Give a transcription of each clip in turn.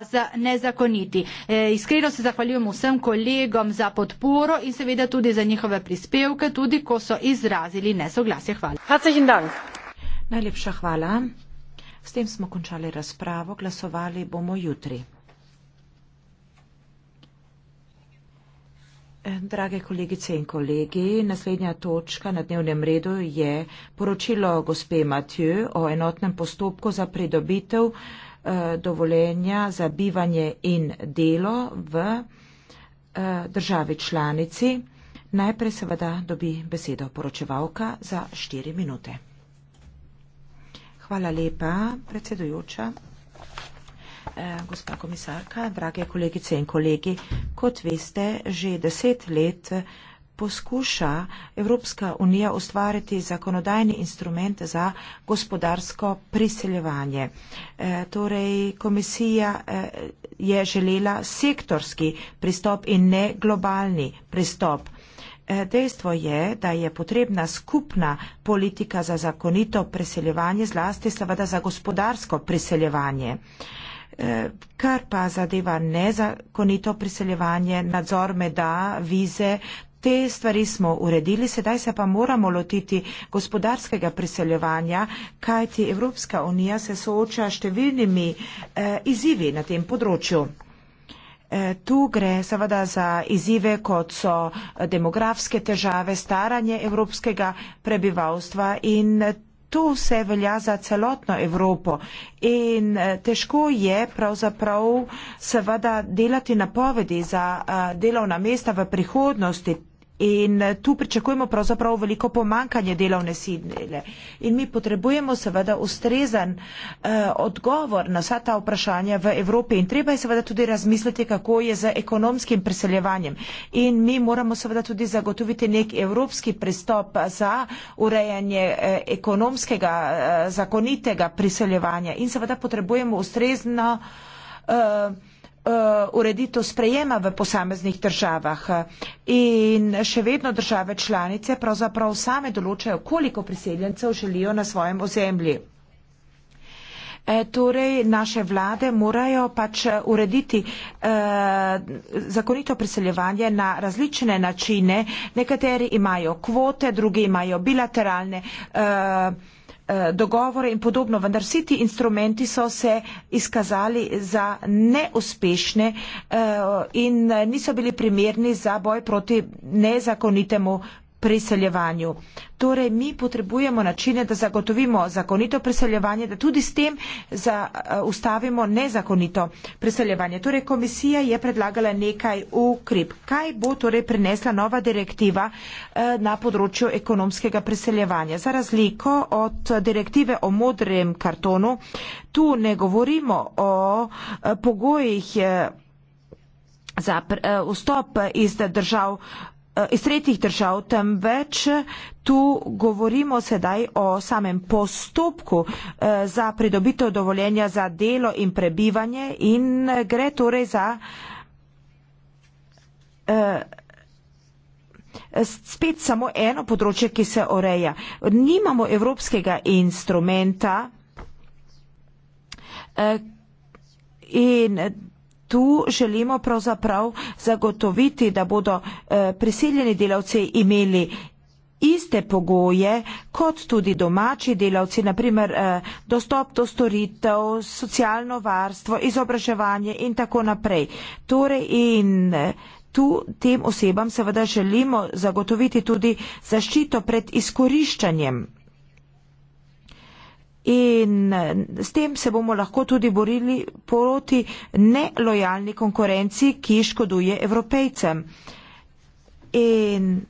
za nezakoniti. E, iskreno se zahvaljujem vsem kolegom za podporo in seveda tudi za njihove prispevke, tudi ko so izrazili nesoglasje. Hvala. Najlepša hvala. S tem smo končali razpravo. Glasovali bomo jutri. E, drage kolegice in kolegi, naslednja točka na dnevnem redu je poročilo gospe Matju o enotnem postopku za pridobitev Eh, dovoljenja za bivanje in delo v eh, državi članici. Najprej seveda dobi besedo poročevalka za štiri minute. Hvala lepa, predsedujoča. Eh, gospa komisarka, drage kolegice in kolegi, kot veste, že deset let poskuša Evropska unija ustvariti zakonodajni instrument za gospodarsko priseljevanje. E, torej, komisija e, je želela sektorski pristop in ne globalni pristop. E, dejstvo je, da je potrebna skupna politika za zakonito preseljevanje, zlasti seveda za gospodarsko preseljevanje. E, kar pa zadeva nezakonito priseljevanje, nadzor meda, vize, Te stvari smo uredili, sedaj se pa moramo lotiti gospodarskega priseljevanja, kajti Evropska unija se sooča številnimi eh, izzivi na tem področju. Eh, tu gre seveda za izzive, kot so eh, demografske težave, staranje evropskega prebivalstva in eh, to vse velja za celotno Evropo. In težko je pravzaprav seveda delati napovedi za delovna mesta v prihodnosti. In eh, tu pričakujemo pravzaprav veliko pomankanje delovne sile. In mi potrebujemo seveda ustrezen eh, odgovor na vsa ta vprašanja v Evropi. In treba je seveda tudi razmisliti, kako je z ekonomskim preseljevanjem. In mi moramo seveda tudi zagotoviti nek evropski pristop za urejanje eh, ekonomskega, eh, zakonitega preseljevanja. In seveda potrebujemo ustrezno. Eh, Eh, ureditev sprejema v posameznih državah in še vedno države članice pravzaprav same določajo, koliko priseljencev želijo na svojem ozemlji. E, torej, naše vlade morajo pač urediti eh, zakonito priseljevanje na različne načine. Nekateri imajo kvote, drugi imajo bilateralne. Eh, Eh, dogovore in podobno, vendar vsi ti instrumenti so se izkazali za neuspešne eh, in eh, niso bili primerni za boj proti nezakonitemu priseljevanju. Torej, mi potrebujemo načine, da zagotovimo zakonito priseljevanje, da tudi s tem za, uh, ustavimo nezakonito priseljevanje. Torej, komisija je predlagala nekaj ukrep. Kaj bo torej prinesla nova direktiva uh, na področju ekonomskega priseljevanja? Za razliko od direktive o modrem kartonu, tu ne govorimo o uh, pogojih uh, za uh, vstop iz držav. Uh, Eh, iz tretjih držav, temveč tu govorimo sedaj o samem postopku eh, za pridobitev dovoljenja za delo in prebivanje in gre torej za eh, spet samo eno področje, ki se oreja. Nimamo evropskega instrumenta in tu želimo pravzaprav zagotoviti, da bodo eh, priseljeni delavci imeli iste pogoje kot tudi domači delavci, naprimer eh, dostop do storitev, socialno varstvo, izobraževanje in tako naprej. Torej in eh, tu tem osebam seveda želimo zagotoviti tudi zaščito pred izkoriščanjem in eh, s tem se bomo lahko tudi borili proti nelojalni konkurenci, ki škoduje evropejcem. In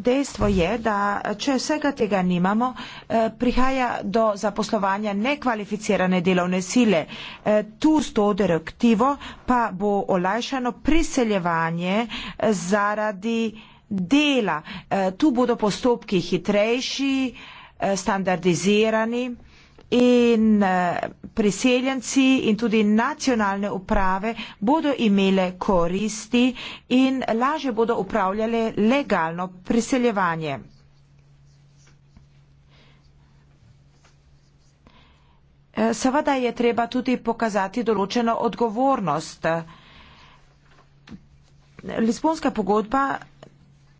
Dejstvo je, da če vsega tega nimamo, eh, prihaja do zaposlovanja nekvalificirane delovne sile. Eh, tu s to direktivo pa bo olajšano priseljevanje zaradi dela. Tu bodo postopki hitrejši, Eh, standardizirani in eh, priseljenci in tudi nacionalne uprave bodo imele koristi in lažje bodo upravljale legalno priseljevanje. Eh, seveda je treba tudi pokazati določeno odgovornost. Lisbonska pogodba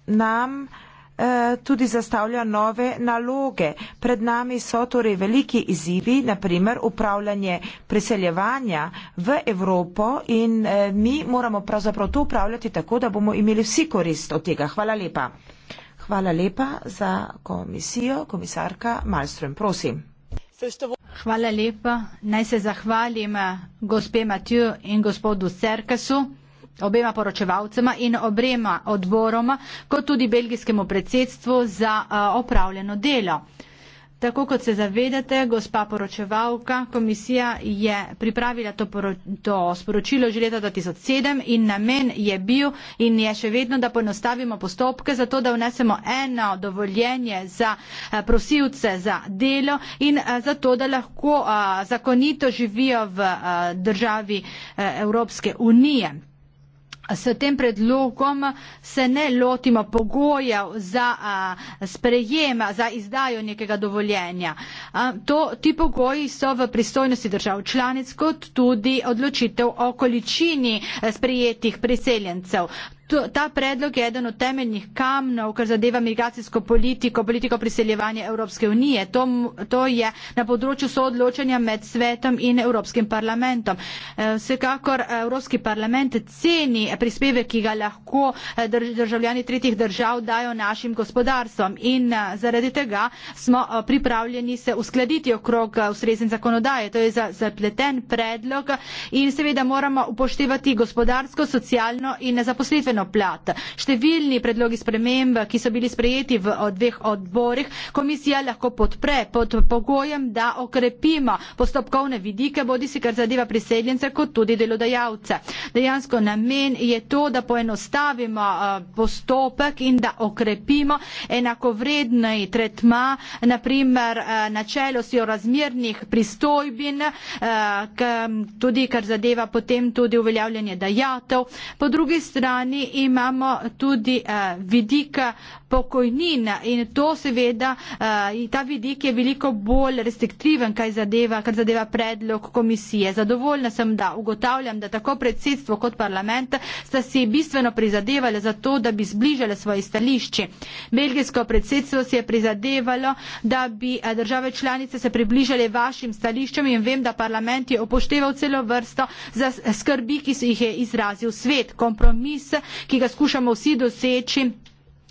nam uh, Eh, tudi zastavlja nove naloge. Pred nami so torej veliki izzivi, naprimer upravljanje priseljevanja v Evropo in eh, mi moramo pravzaprav to upravljati tako, da bomo imeli vsi korist od tega. Hvala lepa. Hvala lepa za komisijo, komisarka Malmström. Prosim. Hvala lepa. Naj se zahvalim eh, gospe Matiju in gospodu Cerkasu obema poročevalcema in obema odboroma, kot tudi belgijskemu predsedstvu za opravljeno delo. Tako kot se zavedate, gospa poročevalka, komisija je pripravila to, poro, to sporočilo že leta 2007 in namen je bil in je še vedno, da ponostavimo postopke za to, da vnesemo eno dovoljenje za prosilce za delo in za to, da lahko zakonito živijo v državi Evropske unije. S tem predlogom se ne lotimo pogojev za sprejem, za izdajo nekega dovoljenja. To, ti pogoji so v pristojnosti držav članic, kot tudi odločitev o količini sprejetih priseljencev to, ta predlog je eden od temeljnih kamnov, kar zadeva migracijsko politiko, politiko priseljevanja Evropske unije. To, to je na področju soodločanja med svetom in Evropskim parlamentom. E, vsekakor Evropski parlament ceni prispeve, ki ga lahko e, državljani tretjih držav dajo našim gospodarstvom in e, zaradi tega smo pripravljeni se uskladiti okrog ustrezen zakonodaje. To je zapleten predlog in seveda moramo upoštevati gospodarsko, socialno in zaposlitveno zeleno plat. Številni predlogi sprememb, ki so bili sprejeti v dveh odborih, komisija lahko podpre pod pogojem, da okrepimo postopkovne vidike, bodi si kar zadeva priseljence, kot tudi delodajalce. Dejansko namen je to, da poenostavimo eh, postopek in da okrepimo enakovredni tretma, naprimer eh, načelo si o razmernih pristojbin, eh, tudi kar zadeva potem tudi uveljavljanje dajatev. Po drugi strani imamo tudi eh, vidik pokojnina in to seveda uh, in ta vidik je veliko bolj restriktiven, kaj zadeva, kar zadeva predlog komisije. Zadovoljna sem, da ugotavljam, da tako predsedstvo kot parlament sta si bistveno prizadevali za to, da bi zbližali svoje stališče. Belgijsko predsedstvo si je prizadevalo, da bi eh, države članice se približali vašim stališčem in vem, da parlament je upošteval celo vrsto za eh, skrbi, ki jih je izrazil svet. Kompromis, ki ga skušamo vsi doseči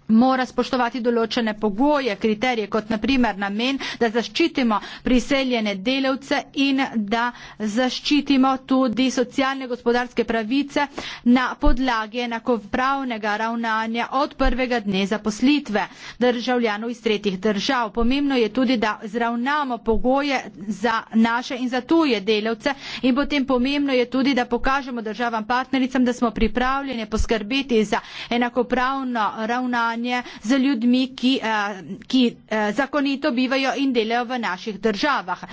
mora spoštovati določene pogoje, kriterije, kot naprimer namen, da zaščitimo priseljene delavce in da zaščitimo tudi socialne gospodarske pravice na podlagi enakopravnega ravnanja od prvega dne zaposlitve državljanov iz tretjih držav. Pomembno je tudi, da zravnamo pogoje za naše in za tuje delavce in potem pomembno je tudi, da pokažemo državam partnericam, da smo pripravljeni poskrbeti za enakopravno ravnanje ravnanje z ljudmi, ki, eh, ki eh, zakonito bivajo in delajo v naših državah.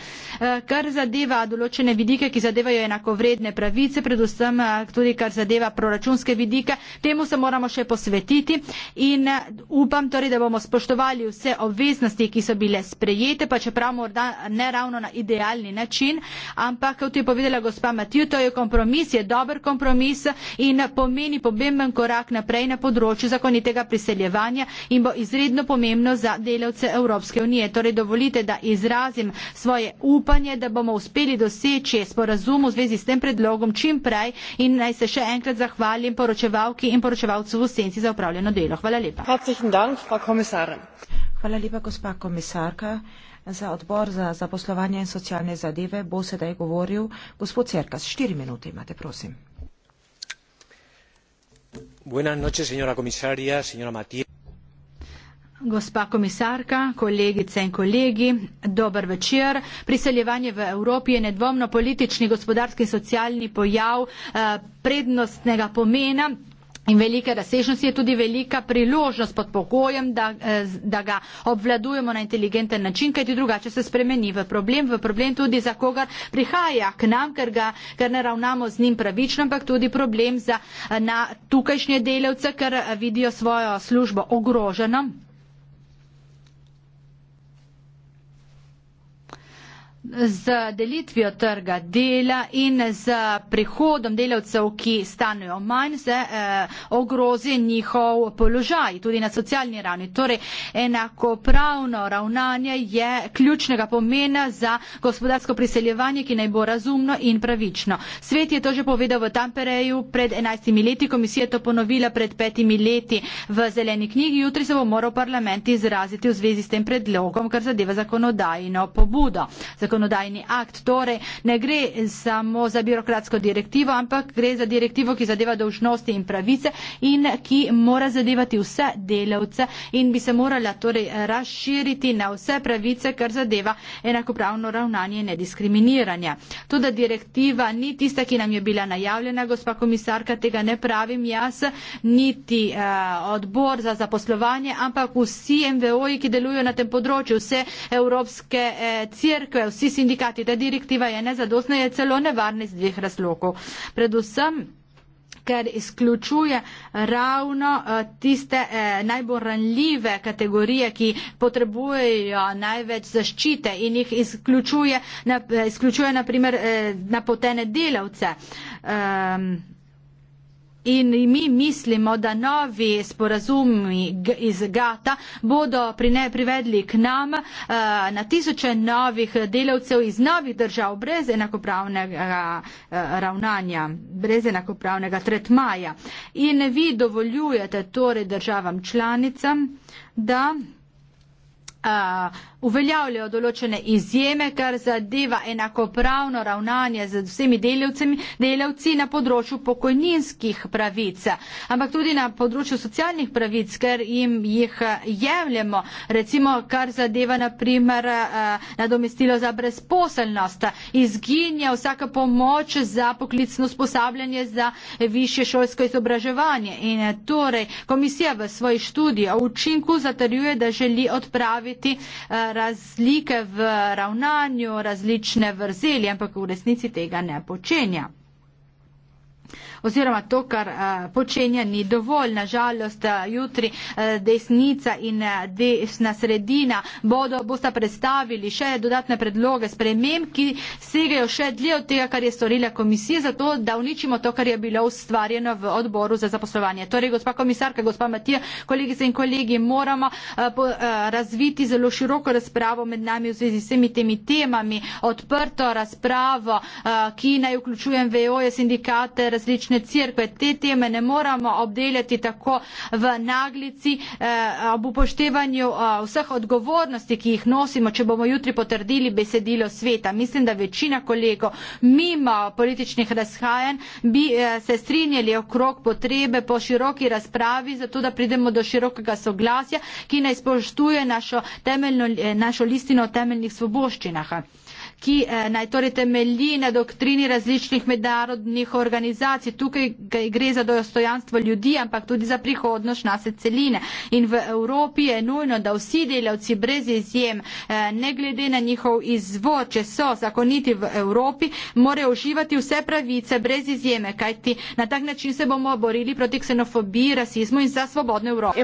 Eh, kar zadeva določene vidike, ki zadevajo enakovredne pravice, predvsem tudi kar zadeva proračunske vidike, temu se moramo še posvetiti in upam torej, da bomo spoštovali vse obveznosti, ki so bile sprejete, pa čeprav morda ne ravno na idealni način, ampak kot je povedala gospa Matiju, to je kompromis, je dober kompromis in pomeni pomemben korak naprej na področju zakonitega priseljevanja sodelovanja in bo izredno pomembno za delavce Evropske unije. Torej dovolite, da izrazim svoje upanje, da bomo uspeli doseči sporazum v zvezi s tem predlogom čim prej in naj se še enkrat zahvalim poročevalki in poročevalcu v senci za upravljeno delo. Hvala lepa. Hvala lepa, gospa komisarka. Za odbor za zaposlovanje in socialne zadeve bo sedaj govoril gospod Cerkas. Štiri minute imate, prosim señora comisaria señora mathieu gospa komisarka kolegice in kolegi dober večer priseljevanje v evropi je nedvomno politični gospodarski in socialni pojav eh, prednostnega pomena. In velike razsežnosti je tudi velika priložnost pod pogojem, da, eh, da ga obvladujemo na inteligenten način, kajti drugače se spremeni v problem, v problem tudi za kogar prihaja k nam, ker, ga, ker ne ravnamo z njim pravično, ampak tudi problem za eh, na tukajšnje delavce, ker eh, vidijo svojo službo ogroženo. z delitvijo trga dela in z prihodom delavcev, ki stanejo manj, se eh, ogrozi njihov položaj tudi na socialni ravni. Torej, enakopravno ravnanje je ključnega pomena za gospodarsko priseljevanje, ki naj bo razumno in pravično. Svet je to že povedal v Tampereju pred 11 leti, komisija je to ponovila pred 5 leti v zeleni knjigi, jutri se bo moral parlament izraziti v zvezi s tem predlogom, kar zadeva zakonodajno pobudo. Zakon zakonodajni akt. Torej, ne gre samo za birokratsko direktivo, ampak gre za direktivo, ki zadeva dolžnosti in pravice in ki mora zadevati vse delavce in bi se morala torej razširiti na vse pravice, kar zadeva enakopravno ravnanje in nediskriminiranje. Tudi direktiva ni tista, ki nam je bila najavljena, gospa komisarka, tega ne pravim jaz, niti uh, odbor za zaposlovanje, ampak vsi MVO-ji, ki delujejo na tem področju, vse evropske eh, crkve, vsi vsi sindikati. Ta direktiva je nezadostna, je celo nevarna iz dveh razlogov. Predvsem ker izključuje ravno eh, tiste eh, najbolj ranljive kategorije, ki potrebujejo največ zaščite in jih izključuje, eh, izključuje naprimer napotene delavce. Um, in mi mislimo, da novi sporazumi iz Gata bodo prine, privedli k nam uh, na tisoče novih delavcev iz novih držav brez enakopravnega uh, ravnanja, brez enakopravnega tretmaja. In vi dovoljujete torej državam članicam, da uveljavljajo določene izjeme, kar zadeva enakopravno ravnanje z vsemi delavcemi, delavci na področju pokojninskih pravic, ampak tudi na področju socialnih pravic, ker jim jih jemljemo, recimo kar zadeva naprimer nadomestilo za brezposelnost, izginja vsaka pomoč za poklicno sposabljanje za više šolsko izobraževanje. In torej komisija v svoji študiji o učinku zatrjuje, da želi odpraviti videti eh, razlike v ravnanju, različne vrzeli, ampak v resnici tega ne počenja oziroma to, kar eh, počenja, ni dovolj. Nažalost, eh, jutri eh, desnica in desna sredina bodo, bosta predstavili še dodatne predloge sprememb, ki segajo še dlje od tega, kar je storila komisija, zato da uničimo to, kar je bilo ustvarjeno v odboru za zaposlovanje. Torej, gospa komisarka, gospa Matija, kolegice in kolegi, moramo razviti zelo široko razpravo med nami v zvezi s vsemi temi temami, odprto razpravo, ki naj vključuje MVO, e, sindikate, različne današnje crkve te teme ne moramo obdeljati tako v naglici eh, ob upoštevanju eh, vseh odgovornosti, ki jih nosimo, če bomo jutri potrdili besedilo sveta. Mislim, da večina kolegov mimo političnih razhajanj bi eh, se strinjali okrog potrebe po široki razpravi, zato da pridemo do širokega soglasja, ki naj spoštuje našo, temeljno, eh, našo listino o temeljnih svoboščinah ki eh, naj torej temelji na doktrini različnih mednarodnih organizacij. Tukaj gre za dostojanstvo ljudi, ampak tudi za prihodnost naše celine. In v Evropi je nujno, da vsi delavci brez izjem, eh, ne glede na njihov izvor, če so zakoniti v Evropi, morajo uživati vse pravice brez izjeme, kajti na tak način se bomo borili proti ksenofobiji, rasizmu in za svobodno Evropo.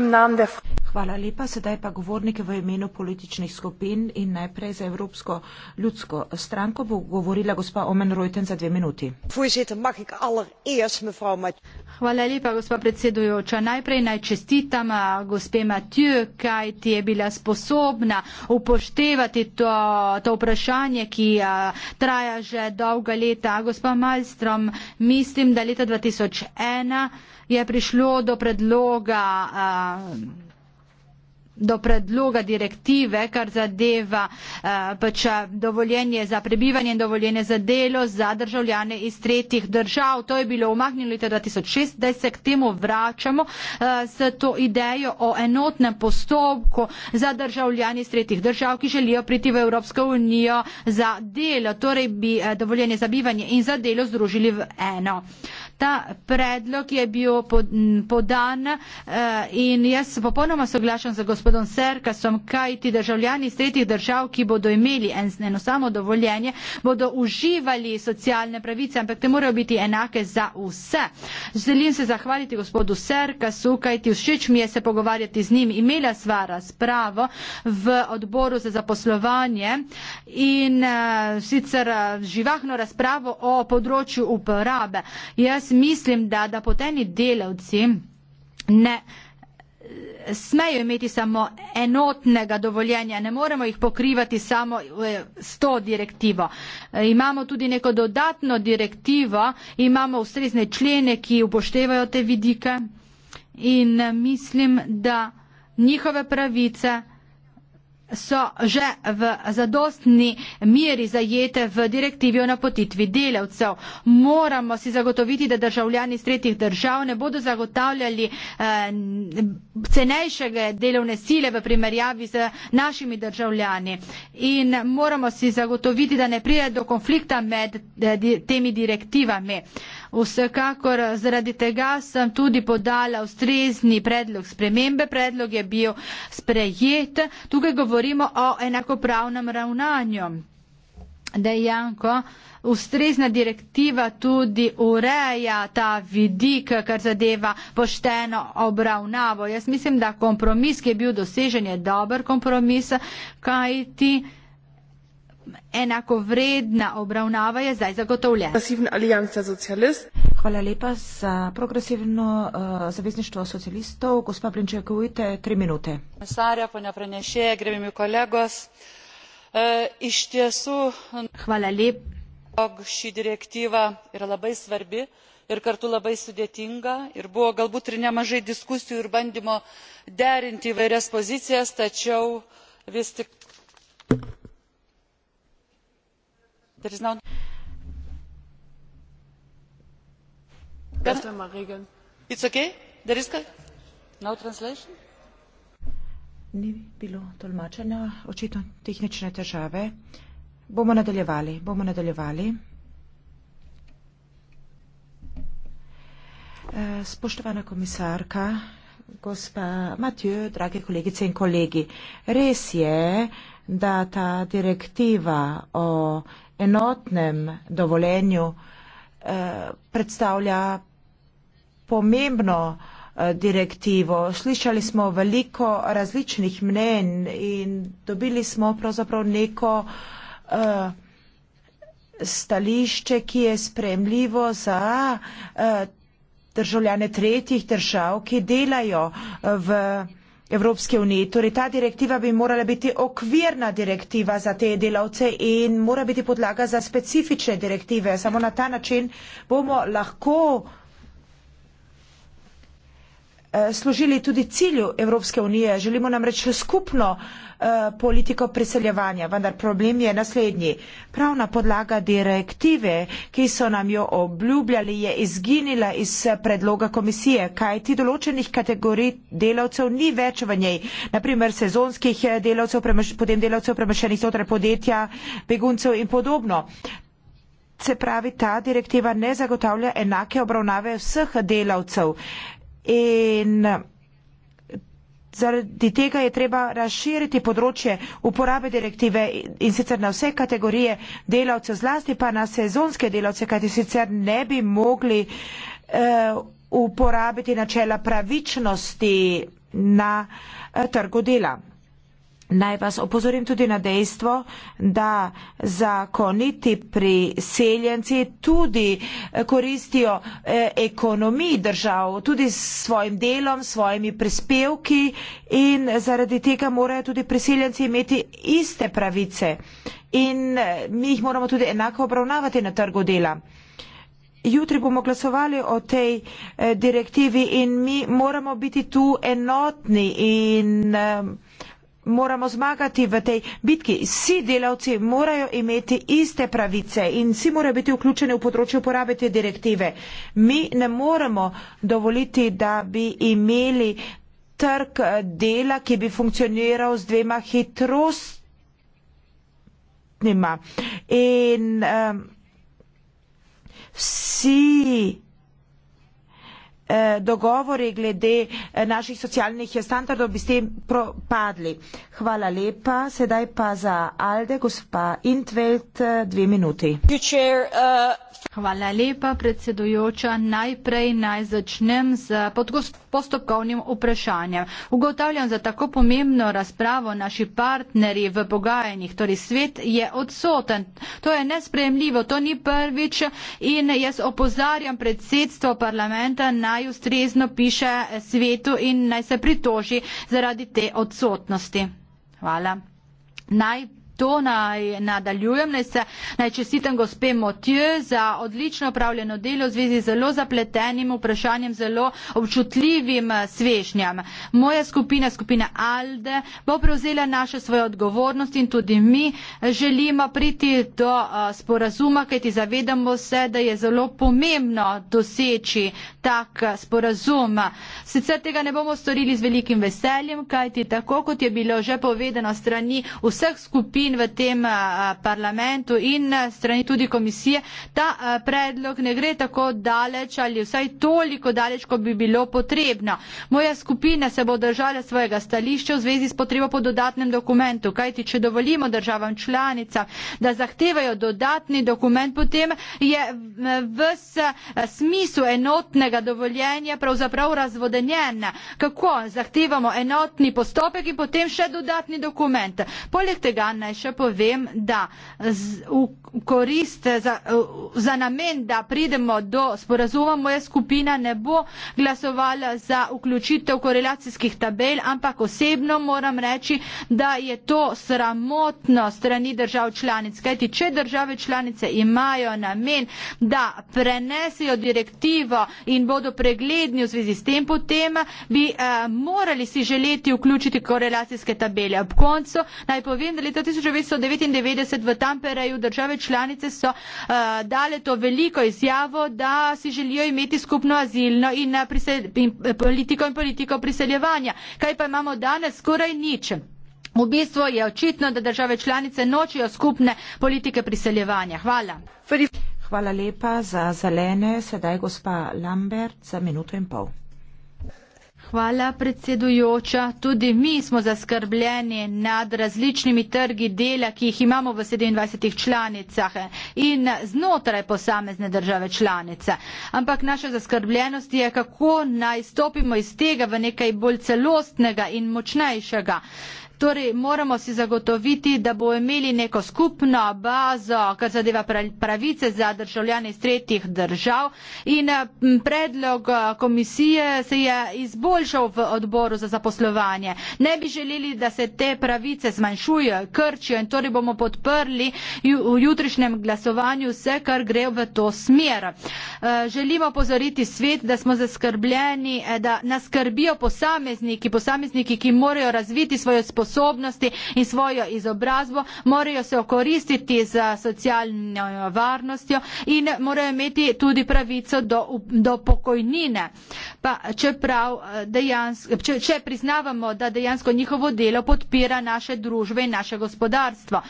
Hvala lepa. Sedaj pa govornike v imenu političnih skupin in najprej za Evropsko ljudsko stranko bo govorila gospa Omen Reuten za dve minuti. Hvala lepa, gospa predsedujoča. Najprej naj čestitam gospe Matju, kaj ti je bila sposobna upoštevati to, to vprašanje, ki a, traja že dolga leta. Gospa Malstrom, mislim, da leta 2001 je prišlo do predloga. A, do predloga direktive, kar zadeva eh, pač eh, dovoljenje za prebivanje in dovoljenje za delo za državljane iz tretjih držav. To je bilo umaknjeno leta 2016, k temu vračamo eh, s to idejo o enotnem postopku za državljane iz tretjih držav, ki želijo priti v Evropsko unijo za delo. Torej bi dovoljenje za bivanje in za delo združili v eno ta predlog je bil podan eh, in jaz popolnoma soglašam z gospodom Serkasom, kaj ti državljani iz tretjih držav, ki bodo imeli eno samo dovoljenje, bodo uživali socialne pravice, ampak te morajo biti enake za vse. Želim se zahvaliti gospodu Serkasu, kaj ti všeč mi je se pogovarjati z njim. Imela sva razpravo v odboru za zaposlovanje in eh, sicer eh, živahno razpravo o področju uporabe. Jaz mislim, da, da poteni delavci ne smejo imeti samo enotnega dovoljenja, ne moremo jih pokrivati samo e, s to direktivo. E, imamo tudi neko dodatno direktivo, imamo ustrezne člene, ki upoštevajo te vidike in e, mislim, da njihove pravice so že v zadostni meri zajete v direktivi o napotitvi delavcev. Moramo si zagotoviti, da državljani iz tretjih držav ne bodo zagotavljali eh, cenejšega delovne sile v primerjavi z našimi državljani. In moramo si zagotoviti, da ne prije do konflikta med eh, temi direktivami. Eh, Vsekakor eh, zaradi tega sem tudi podala ustrezni predlog spremembe. Predlog je bil sprejet. Tukaj govorimo o enakopravnem ravnanju. Dejanko. Ustrezna direktiva tudi ureja ta vidik, kar zadeva pošteno obravnavo. Jaz mislim, da kompromis, ki je bil dosežen, je dober kompromis, kajti enakovredna obravnava je zdaj zagotovljena. Hvala lepa za progresivno uh, zavezništvo socialistov. Gospa Brinček, ujte tri minute. Eh, Hvala lepa. Ir kartu labai sudėtinga, ir buvo galbūt ir nemažai diskusijų ir bandymo derinti įvairias pozicijas, tačiau vis tik there is no, no ni bilo tolmačenja očitno tehnične težave bomo nadaljevali bomo nadaljevali eh, spoštovana komisarka gospa Matjo, drage kolegice in kolegi. Res je, da ta direktiva o enotnem dovoljenju eh, predstavlja pomembno eh, direktivo. Slišali smo veliko različnih mnen in dobili smo pravzaprav neko eh, stališče, ki je spremljivo za eh, državljane tretjih držav, ki delajo eh, v Evropske unije. Torej, ta direktiva bi morala biti okvirna direktiva za te delavce in mora biti podlaga za specifične direktive. Samo na ta način bomo lahko Eh, služili tudi cilju Evropske unije. Želimo nam reči skupno eh, politiko priseljevanja, vendar problem je naslednji. Pravna podlaga direktive, ki so nam jo obljubljali, je izginila iz eh, predloga komisije, kaj ti določenih kategorij delavcev ni več v njej. Naprimer sezonskih delavcev, potem delavcev premešenih znotraj podjetja, beguncev in podobno. Se pravi, ta direktiva ne zagotavlja enake obravnave vseh delavcev. In zaradi tega je treba razširiti področje uporabe direktive in sicer na vse kategorije delavcev, zlasti pa na sezonske delavce, kajti sicer ne bi mogli eh, uporabiti načela pravičnosti na eh, trgu dela. Naj vas opozorim tudi na dejstvo, da zakoniti priseljenci tudi eh, koristijo eh, ekonomiji držav, tudi s svojim delom, s svojimi prispevki in zaradi tega morajo tudi priseljenci imeti iste pravice in eh, mi jih moramo tudi enako obravnavati na trgu dela. Jutri bomo glasovali o tej direktivi in mi moramo biti tu enotni in moramo zmagati v tej bitki. Vsi delavci morajo imeti iste pravice in vsi morajo biti vključeni v področje uporabe te direktive. Mi ne moremo dovoliti, da bi imeli trg dela, ki bi funkcioniral z dvema hitrostnima. In um, vsi Eh, dogovori glede eh, naših socialnih standardov bi s tem propadli. Hvala lepa. Sedaj pa za Alde, gospa Intveld, eh, dve minuti. Hvala lepa, predsedujoča. Najprej naj začnem z postopkovnim vprašanjem. Ugotavljam za tako pomembno razpravo naši partnerji v pogajanjih, torej svet je odsoten. To je nespremljivo, to ni prvič in jaz opozarjam predsedstvo parlamenta najustrezno piše svetu in naj se pritoži zaradi te odsotnosti. Hvala. Najprej to naj nadaljujem, naj, se, naj čestitem gospe Motje za odlično upravljeno delo v zvezi z zelo zapletenim vprašanjem, zelo občutljivim eh, svežnjam. Moja skupina, skupina Alde, bo prevzela naše svoje odgovornosti in tudi mi eh, želimo priti do eh, sporazuma, kajti zavedamo se, da je zelo pomembno doseči tak sporazum. Sicer tega ne bomo storili z velikim veseljem, kajti tako kot je bilo že povedano strani vseh skupin, skupin v tem parlamentu in strani tudi komisije, ta predlog ne gre tako daleč ali vsaj toliko daleč, kot bi bilo potrebno. Moja skupina se bo držala svojega stališča v zvezi s potrebo po dodatnem dokumentu, kajti če dovolimo državam članicam, da zahtevajo dodatni dokument, potem je vs smislu enotnega dovoljenja pravzaprav razvodenjena. Kako zahtevamo enotni postopek in potem še dodatni dokument? Poleg tega naj naj še povem, da z, v, v korist za, v, za namen, da pridemo do sporazuma, moja skupina ne bo glasovala za vključitev korelacijskih tabel, ampak osebno moram reči, da je to sramotno strani držav članic. Kajti, če države članice imajo namen, da prenesejo direktivo in bodo pregledni v zvezi s tem, potem bi eh, morali si želeti vključiti korelacijske tabele. Ob koncu naj povem, da leta 1999 v Tampereju države članice so uh, dale to veliko izjavo, da si želijo imeti skupno azilno in, uh, prise, in eh, politiko in politiko priseljevanja. Kaj pa imamo danes? Skoraj nič. V bistvu je očitno, da države članice nočijo skupne politike priseljevanja. Hvala. Hvala lepa za zelene. Sedaj gospa Lambert za minuto in pol. Hvala, predsedujoča. Tudi mi smo zaskrbljeni nad različnimi trgi dela, ki jih imamo v 27 članicah in znotraj posamezne države članice. Ampak naša zaskrbljenost je, kako naj stopimo iz tega v nekaj bolj celostnega in močnejšega. Torej, moramo si zagotoviti, da bo imeli neko skupno bazo, kar zadeva pravice za državljane iz tretjih držav. In predlog eh, komisije se je izboljšal v odboru za zaposlovanje. Ne bi želeli, da se te pravice zmanjšujejo, krčijo in torej bomo podprli v jutrišnjem glasovanju vse, kar gre v to smer. Eh, želimo pozoriti svet, da smo zaskrbljeni, eh, da nas skrbijo posamezniki, posamezniki, ki morajo razviti svojo sposobnost sposobnosti in svojo izobrazbo, morajo se okoristiti z socialno varnostjo in morajo imeti tudi pravico do, do pokojnine. Pa čeprav eh, dejansko, če, če priznavamo, da dejansko njihovo delo podpira naše družbe in naše gospodarstvo.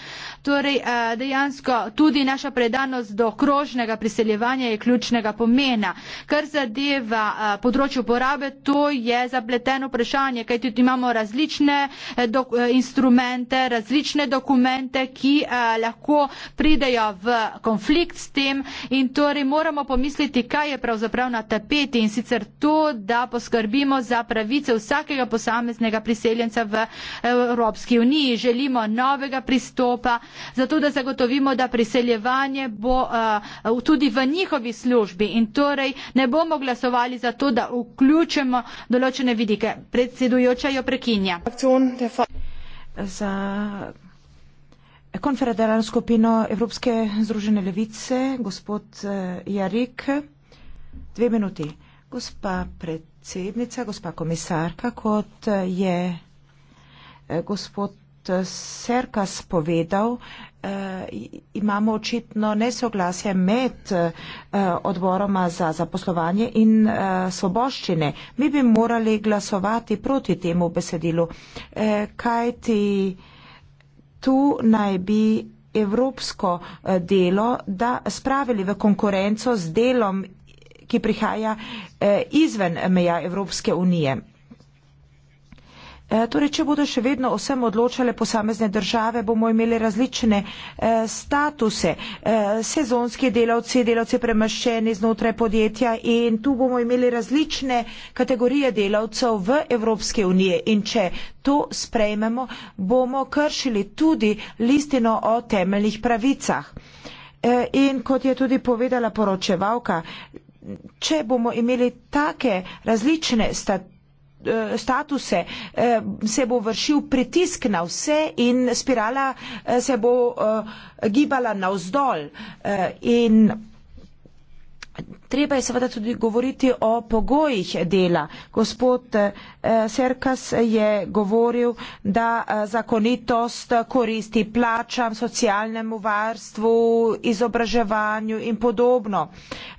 Torej, eh, dejansko tudi naša predanost do krožnega priseljevanja je ključnega pomena. Kar zadeva eh, področju uporabe, to je zapleteno vprašanje, kajti imamo različne dokumentacije, Eh, instrumente, različne dokumente, ki eh, lahko pridejo v konflikt s tem in torej moramo pomisliti, kaj je pravzaprav na tapeti in sicer to, da poskrbimo za pravice vsakega posameznega priseljenca v Evropski uniji. Želimo novega pristopa, zato da zagotovimo, da priseljevanje bo eh, tudi v njihovi službi in torej ne bomo glasovali za to, da vključimo določene vidike. Predsedujoča jo prekinja za konfederalno skupino Evropske združene levice, gospod eh, Jarik. Dve minuti. Gospa predsednica, gospa komisarka, kot eh, je eh, gospod Serkas povedal, Eh, imamo očitno nesoglasje med eh, odboroma za zaposlovanje in eh, svoboščine. Mi bi morali glasovati proti temu besedilu, kaj ti tu naj bi evropsko delo da spravili v konkurenco z delom, ki prihaja izven meja Evropske unije. E, torej, če bodo še vedno o vsem odločale posamezne države, bomo imeli različne e, statuse, e, sezonski delavci, delavci premaščeni znotraj podjetja in tu bomo imeli različne kategorije delavcev v Evropske unije in če to sprejmemo, bomo kršili tudi listino o temeljnih pravicah. In kot je tudi povedala poročevalka, če bomo imeli take različne statuse, Eh, statuse, eh, se bo vršil pritisk na vse in spirala eh, se bo gibala navzdol. In treba je seveda tudi govoriti o pogojih dela. Gospod eh, Serkas je govoril, da eh, zakonitost koristi plačam, socialnemu varstvu, izobraževanju in podobno.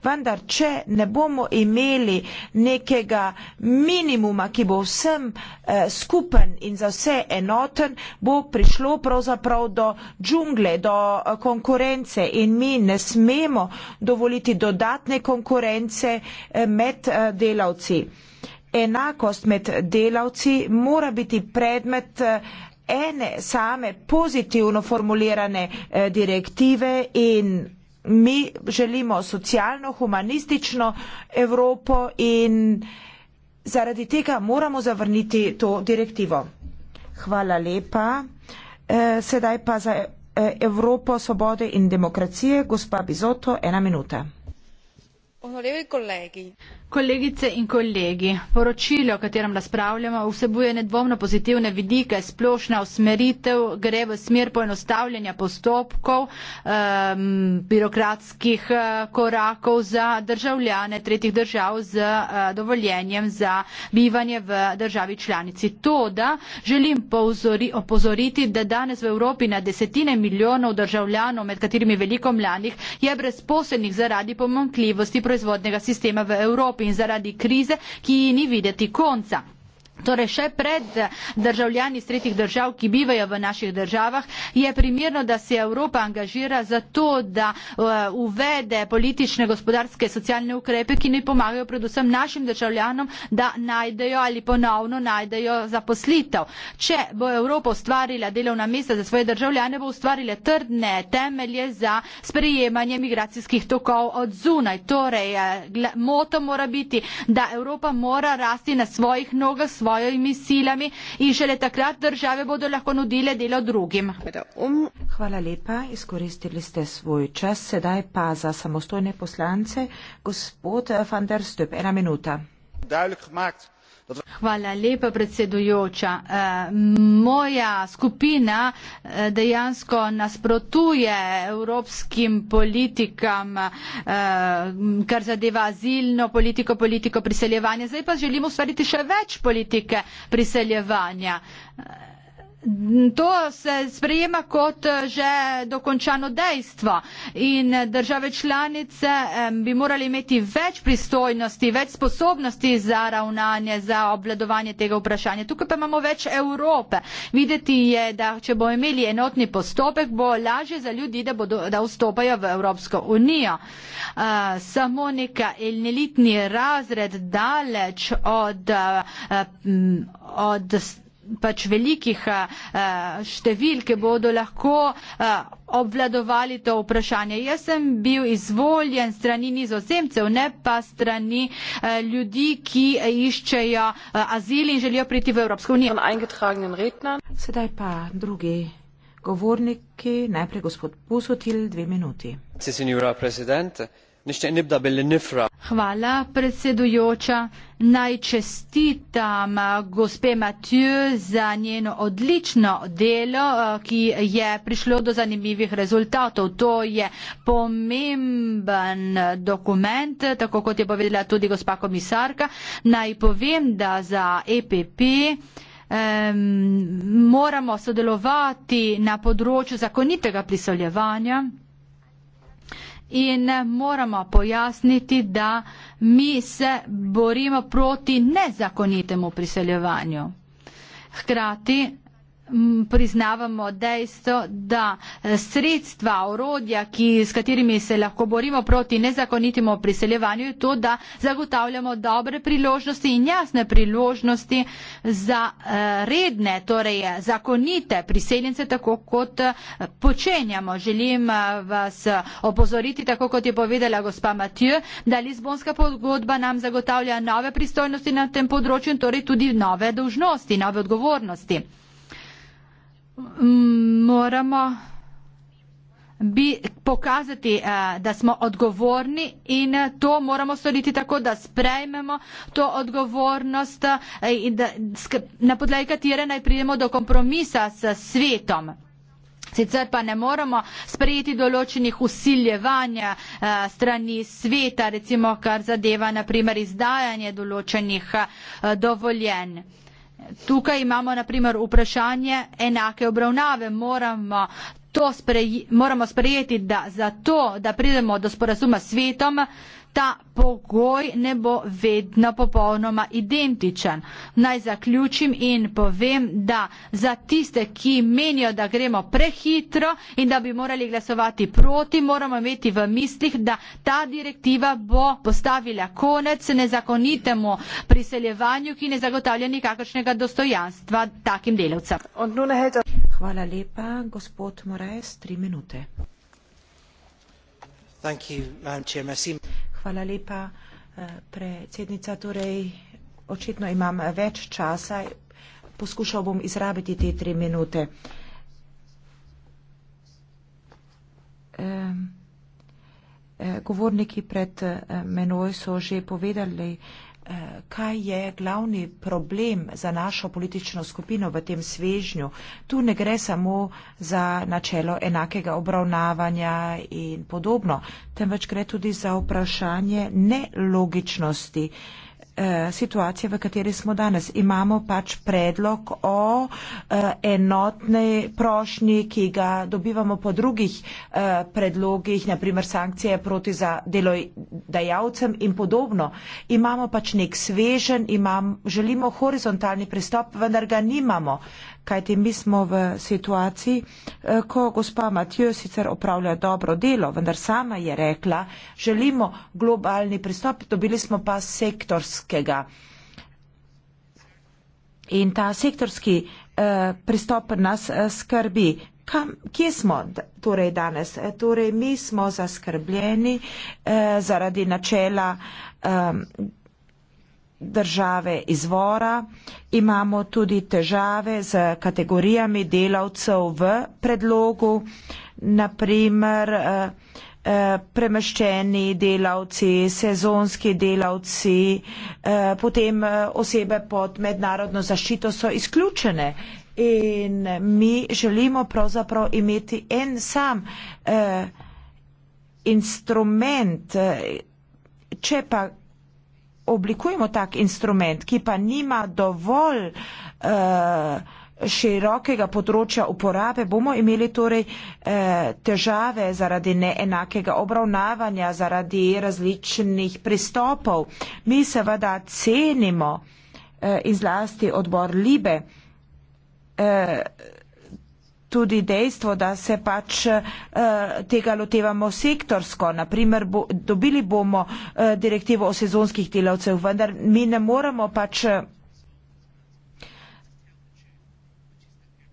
Vendar, če ne bomo imeli nekega minimuma, ki bo vsem eh, skupen in za vse enoten, bo prišlo pravzaprav do džungle, do konkurence in mi ne smemo dovoliti dodatne konkurence konkurence eh, med eh, delavci. Enakost med delavci mora biti predmet eh, ene same pozitivno formulirane direktive in mi želimo socialno, humanistično Evropo in zaradi tega moramo zavrniti to direktivo. Hvala lepa. Sedaj pa za Evropo svobode in demokracije, gospa Bizoto, ena minuta onorevoli colleghi Kolegice in kolegi, poročilo, o katerem razpravljamo, vsebuje nedvomno pozitivne vidike, splošna usmeritev gre v smer poenostavljanja postopkov, um, birokratskih uh, korakov za državljane tretjih držav z uh, dovoljenjem za bivanje v državi članici. To, da želim pozori, opozoriti, da danes v Evropi na desetine milijonov državljanov, med katerimi veliko mladih, je brezposednih zaradi pomankljivosti proizvodnega sistema v Evropi. Evropi in zaradi krize, ki ji ni videti konca. Torej, še pred eh, državljani iz tretjih držav, ki bivajo v naših državah, je primerno, da se Evropa angažira za to, da eh, uvede politične, gospodarske, socialne ukrepe, ki ne pomagajo predvsem našim državljanom, da najdejo ali ponovno najdejo zaposlitev. Če bo Evropa ustvarila delovna mesta za svoje državljane, bo ustvarila trdne temelje za sprejemanje migracijskih tokov od zunaj. Torej, eh, moto mora biti, da Evropa mora rasti na svojih nogah, svoj svojimi silami in šele takrat države bodo lahko nudile delo drugim. Hvala lepa, izkoristili ste svoj čas. Sedaj pa za samostojne poslance. Gospod van der Stöp, ena minuta. Duidelijk gemaakt Hvala lepa, predsedujoča. Eh, moja skupina eh, dejansko nasprotuje evropskim politikam, eh, kar zadeva azilno politiko, politiko priseljevanja. Zdaj pa želimo ustvariti še več politike priseljevanja. To se sprejema kot eh, že dokončano dejstvo in eh, države članice bi morali imeti več pristojnosti, več sposobnosti za ravnanje, za obvladovanje tega vprašanja. Tukaj pa imamo več Evrope. Videti je, da če bomo imeli enotni postopek, bo lažje za ljudi, da, bodo, da vstopajo v Evropsko unijo. Eh, samo neka elitni razred daleč od, od pač velikih eh, eh, številk bodo lahko eh, obvladovali to vprašanje. Jaz sem bil izvoljen strani nizozemcev, ne pa strani ljudi, ki iščejo azil in želijo priti v Evropsko unijo. Sedaj pa drugi. Govorniki, najprej gospod Pusotil, dve minuti. Signora, Hvala, predsedujoča. Naj čestitam eh, gospe Matiju za njeno odlično delo, eh, ki je prišlo do zanimivih rezultatov. To je pomemben dokument, tako kot je povedala tudi gospa komisarka. Naj povem, da za EPP. Um, moramo sodelovati na področju zakonitega prisoljevanja in eh, moramo pojasniti, da mi se borimo proti nezakonitemu priseljevanju. Hkrati priznavamo dejstvo, da eh, sredstva, orodja, ki, s katerimi se lahko borimo proti nezakonitimu priseljevanju, je to, da zagotavljamo dobre priložnosti in jasne priložnosti za eh, redne, torej eh, zakonite priseljence, tako kot počenjamo. Želim vas opozoriti, tako kot je povedala gospa Matija, da Lizbonska pogodba nam zagotavlja nove pristojnosti na tem področju in torej tudi nove dožnosti, nove odgovornosti moramo bi pokazati, eh, da smo odgovorni in eh, to moramo storiti tako, da sprejmemo to odgovornost, eh, na podlagi katere naj pridemo do kompromisa s svetom. Sicer pa ne moramo sprejeti določenih usiljevanja strani sveta, recimo kar zadeva naprimer izdajanje določenih dovoljenj. Tukaj imamo naprimer vprašanje enake obravnave. Moramo to spreji, moramo sprejeti, da za to, da pridemo do sporazuma s svetom, ta pogoj ne bo vedno popolnoma identičen. Naj zaključim in povem, da za tiste, ki menijo, da gremo prehitro in da bi morali glasovati proti, moramo imeti v mislih, da ta direktiva bo postavila konec nezakonitemu priseljevanju, ki ne zagotavlja nikakršnega dostojanstva takim delavcem. Hvala lepa, gospod Moraes, tri minute. Thank you, Madam Chair. Hvala lepa, eh, predsednica. Torej, očitno imam več časa. Poskušal bom izrabiti te tri minute. Eh, govorniki pred eh, menoj so že povedali, Eh, kaj je glavni problem za našo politično skupino v tem svežnju. Tu ne gre samo za načelo enakega obravnavanja in podobno, temveč gre tudi za vprašanje nelogičnosti uh, Eh, situacije, v kateri smo danes. Imamo pač predlog o eh, enotni prošnji, ki ga dobivamo po drugih eh, predlogih, naprimer sankcije proti za delodajalcem in podobno. Imamo pač nek svežen, imam, želimo horizontalni pristop, vendar ga nimamo kajti mi smo v situaciji, eh, ko gospa Matijo sicer opravlja dobro delo, vendar sama je rekla, želimo globalni pristop, dobili smo pa sektorskega. In ta sektorski eh, pristop nas eh, skrbi. Kam, kje smo torej danes? Torej, mi smo zaskrbljeni eh, zaradi načela eh, države izvora, imamo tudi težave z kategorijami delavcev v predlogu, naprimer eh, eh, premeščeni delavci, sezonski delavci, eh, potem osebe pod mednarodno zaščito so izključene in mi želimo pravzaprav imeti en sam instrument, če pa oblikujemo tak instrument, ki pa nima dovolj uh, širokega področja uporabe, bomo imeli torej uh, težave zaradi neenakega obravnavanja, zaradi različnih pristopov. Mi seveda cenimo uh, eh, izlasti odbor Libe. Uh, tudi dejstvo, da se pač eh, tega lotevamo sektorsko. Naprimer, bo, dobili bomo eh, direktivo o sezonskih delavcev, vendar mi ne moramo pač eh,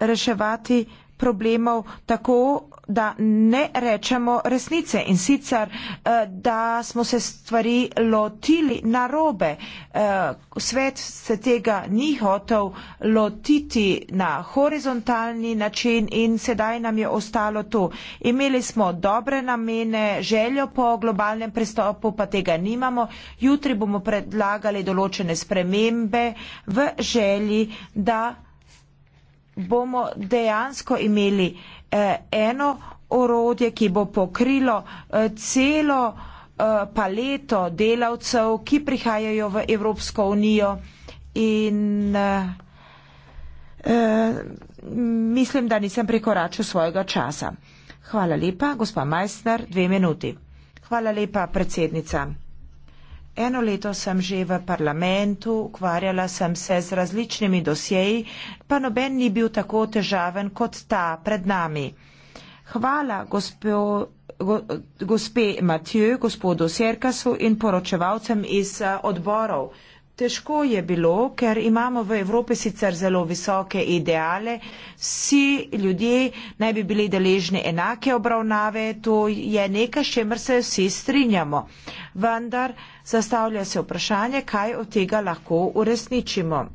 reševati problemov tako da ne rečemo resnice in sicer, eh, da smo se stvari lotili na robe. Eh, svet se tega ni hotel lotiti na horizontalni način in sedaj nam je ostalo to. Imeli smo dobre namene, željo po globalnem pristopu, pa tega nimamo. Jutri bomo predlagali določene spremembe v želji, da bomo dejansko imeli eh, eno orodje, ki bo pokrilo eh, celo eh, paleto delavcev, ki prihajajo v Evropsko unijo in eh, eh, mislim, da nisem prekoračil svojega časa. Hvala lepa, gospa Majstner, dve minuti. Hvala lepa, predsednica. Eno leto sem že v parlamentu, ukvarjala sem se z različnimi dosjeji, pa noben ni bil tako težaven kot ta pred nami. Hvala gospe, gospe Matjo, gospodu Serkasu in poročevalcem iz eh, odborov težko je bilo, ker imamo v Evropi sicer zelo visoke ideale, vsi ljudje naj bi bili deležni enake obravnave, to je nekaj, s čemer se vsi strinjamo. Vendar zastavlja se vprašanje, kaj od tega lahko uresničimo.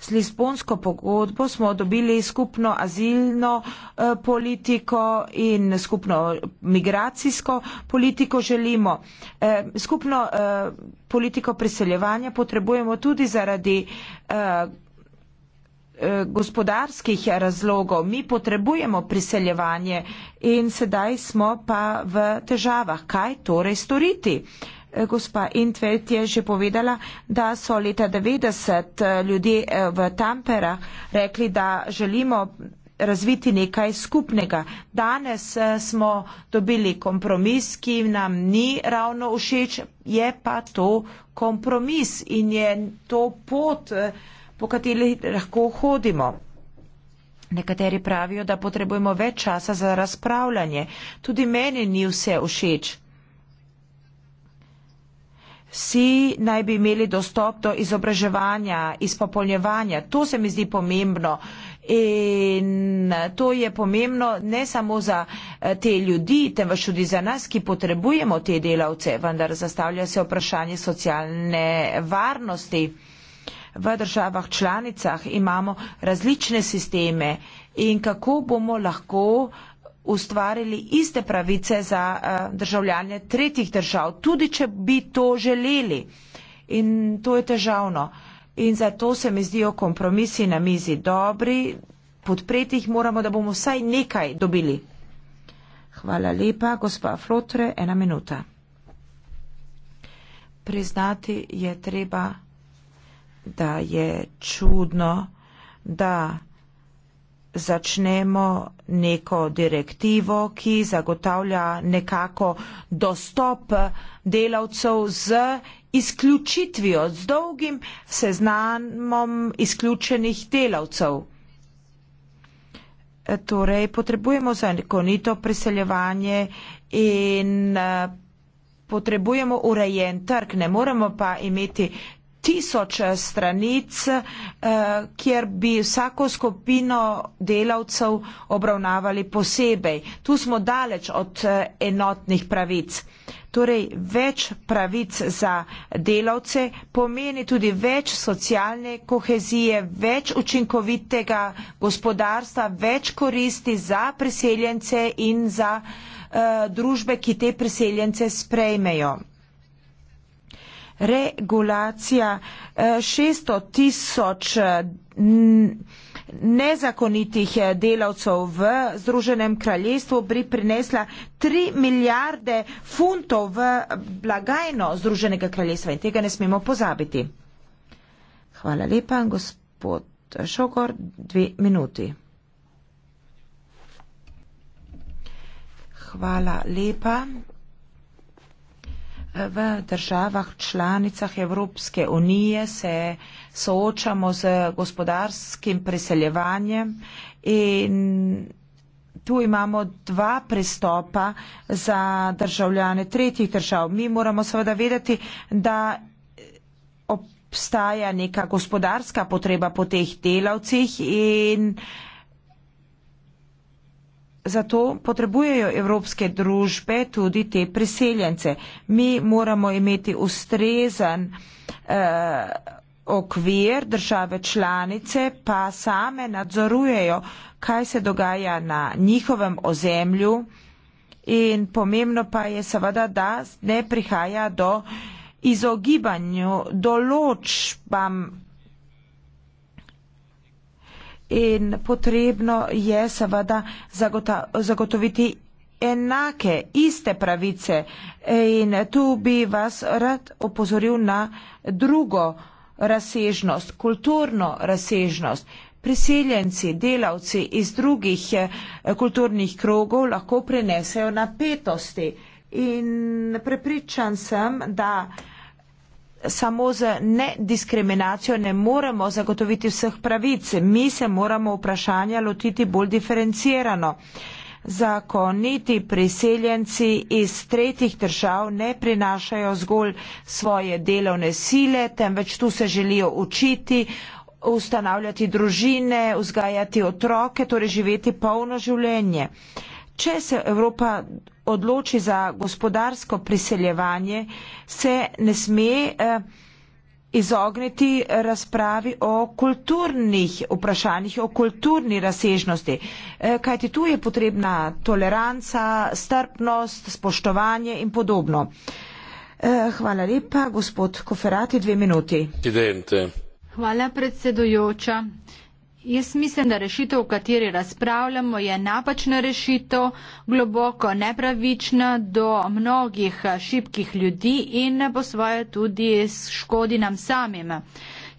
S Lisbonsko pogodbo smo dobili skupno azilno eh, politiko in skupno migracijsko politiko želimo. Eh, skupno eh, politiko priseljevanja potrebujemo tudi zaradi gospodarskih razlogov. Mi potrebujemo priseljevanje in sedaj smo pa v težavah. Kaj torej storiti? Eh, gospa Intvelt je že povedala, da so leta 90 eh, ljudje eh, v Tampera rekli, da želimo razviti nekaj skupnega. Danes smo dobili kompromis, ki nam ni ravno všeč, je pa to kompromis in je to pot, po kateri lahko hodimo. Nekateri pravijo, da potrebujemo več časa za razpravljanje. Tudi meni ni vse všeč. Vsi naj bi imeli dostop do izobraževanja, izpopolnjevanja. To se mi zdi pomembno. In to je pomembno ne samo za eh, te ljudi, temveč tudi za nas, ki potrebujemo te delavce, vendar zastavlja se vprašanje socialne varnosti. V državah članicah imamo različne sisteme in kako bomo lahko uh, ustvarili iste pravice za eh, državljanje tretjih držav, tudi če bi to želeli. In to je težavno. In zato se mi zdijo kompromisi na mizi dobri, podpreti jih moramo, da bomo vsaj nekaj dobili. Hvala lepa, gospa Flotre, ena minuta. Priznati je treba, da je čudno, da začnemo neko direktivo, ki zagotavlja nekako dostop delavcev z izključitvijo, z dolgim seznamom izključenih delavcev. E, torej, potrebujemo zakonito priseljevanje in e, potrebujemo urejen trg, ne moremo pa imeti tisoče eh, stranic, eh, kjer bi vsako skupino delavcev obravnavali posebej. Tu smo daleč od eh, enotnih pravic. Torej, več pravic za delavce pomeni tudi več socialne kohezije, več učinkovitega gospodarstva, več koristi za priseljence in za uh, družbe, ki te priseljence sprejmejo regulacija 600 eh, tisoč nezakonitih eh, delavcev v Združenem kraljestvu bi prinesla 3 milijarde funtov v blagajno Združenega kraljestva in tega ne smemo pozabiti. Hvala lepa, gospod Šogor, dve minuti. Hvala lepa v državah članicah Evropske unije se soočamo z gospodarskim preseljevanjem in tu imamo dva pristopa za državljane tretjih držav. Mi moramo seveda vedeti, da obstaja neka gospodarska potreba po teh delavcih in zato potrebujejo evropske družbe tudi te priseljence. Mi moramo imeti ustrezan eh, okvir, države članice pa same nadzorujejo, kaj se dogaja na njihovem ozemlju in pomembno pa je seveda, da ne prihaja do izogibanju določbam in potrebno je seveda zagota, zagotoviti enake, iste pravice. In tu bi vas rad opozoril na drugo razsežnost, kulturno razsežnost. Priseljenci, delavci iz drugih eh, kulturnih krogov lahko prenesejo napetosti. In prepričan sem, da samo z nediskriminacijo ne moremo zagotoviti vseh pravic. Mi se moramo vprašanja lotiti bolj diferencirano. Zakoniti priseljenci iz tretjih držav ne prinašajo zgolj svoje delovne sile, temveč tu se želijo učiti, ustanavljati družine, vzgajati otroke, torej živeti polno življenje. Če se Evropa odloči za gospodarsko priseljevanje, se ne sme eh, izogniti razpravi o kulturnih vprašanjih, o kulturni razsežnosti. Eh, kajti tu je potrebna toleranca, strpnost, spoštovanje in podobno. Eh, hvala lepa, gospod Koferati, dve minuti. Hvala predsedujoča. Jaz mislim, da rešitev, o kateri razpravljamo, je napačna rešitev, globoko nepravična do mnogih šibkih ljudi in po svoje tudi škodi nam samim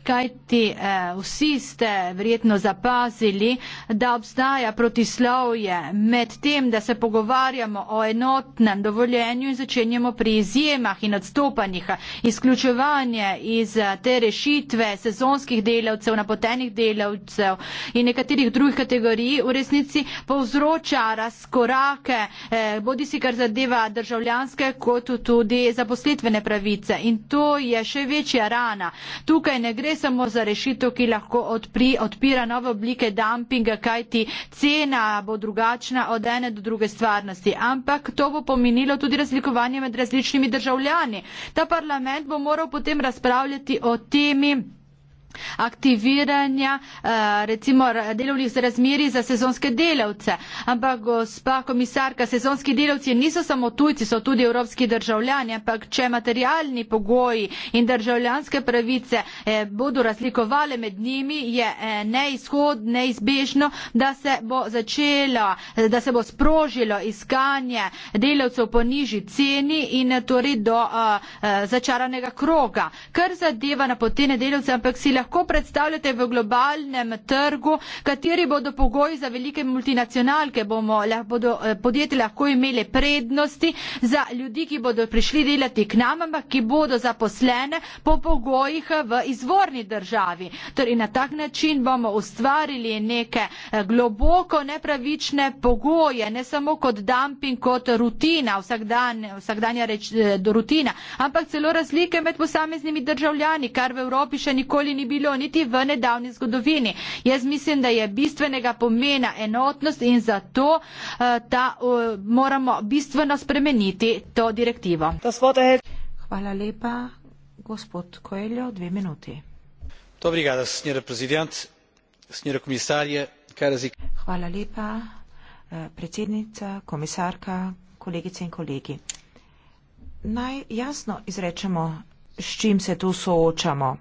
kajti eh, vsi ste verjetno zapazili, da obstaja protislovje med tem, da se pogovarjamo o enotnem dovoljenju in začenjamo pri izjemah in odstopanjih. Izključevanje iz eh, te rešitve sezonskih delavcev, napotenih delavcev in nekaterih drugih kategorij v resnici povzroča razkorake, eh, bodi si kar zadeva državljanske, kot tudi zaposlitvene pravice. In to je še večja rana. Tukaj ne gre samo za rešitev, ki lahko odpri, odpira nove oblike dumpinga, kajti cena bo drugačna od ene do druge stvarnosti. Ampak to bo pomenilo tudi razlikovanje med različnimi državljani. Ta parlament bo moral potem razpravljati o temi, aktiviranja eh, recimo delovnih razmeri za sezonske delavce. Ampak gospa komisarka, sezonski delavci niso samo tujci, so tudi evropski državljani, ampak če materialni pogoji in državljanske pravice eh, bodo razlikovale med njimi, je eh, neizhod, neizbežno, da se bo začelo, da se bo sprožilo iskanje delavcev po nižji ceni in torej do začaranega kroga. Kar zadeva napotene delavce, ampak sila lahko predstavljate v globalnem trgu, kateri bodo pogoji za velike multinacionalke, bomo, lah, bodo eh, podjetje lahko imele prednosti za ljudi, ki bodo prišli delati k nam, ampak ki bodo zaposlene po pogojih eh, v izvorni državi. Torej na tak način bomo ustvarili neke eh, globoko nepravične pogoje, ne samo kot dumping, kot rutina, vsakdan, vsakdanja reč, do rutina, ampak celo razlike med posameznimi državljani, kar v Evropi še nikoli ni bilo niti v nedavni zgodovini. Jaz mislim, da je bistvenega pomena enotnost in zato uh, ta, uh, moramo bistveno spremeniti to direktivo. Hvala lepa, gospod Koeljo, dve minuti. Dobrigada, e Hvala lepa, eh, predsednica, komisarka, kolegice in kolegi. Naj jasno izrečemo, s čim se tu soočamo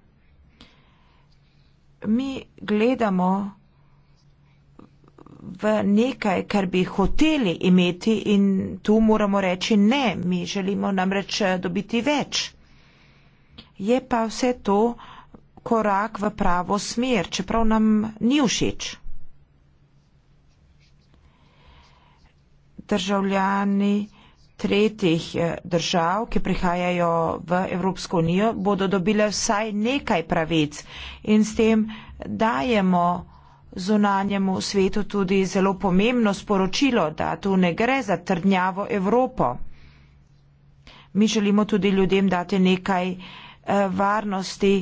mi gledamo v nekaj, kar bi hoteli imeti in tu moramo reči ne, mi želimo namreč eh, dobiti več. Je pa vse to korak v pravo smer, čeprav nam ni všeč. Državljani tretjih eh, držav, ki prihajajo v Evropsko unijo, bodo dobile vsaj nekaj pravic in s tem dajemo zunanjemu svetu tudi zelo pomembno sporočilo, da tu ne gre za trdnjavo Evropo. Mi želimo tudi ljudem dati nekaj eh, varnosti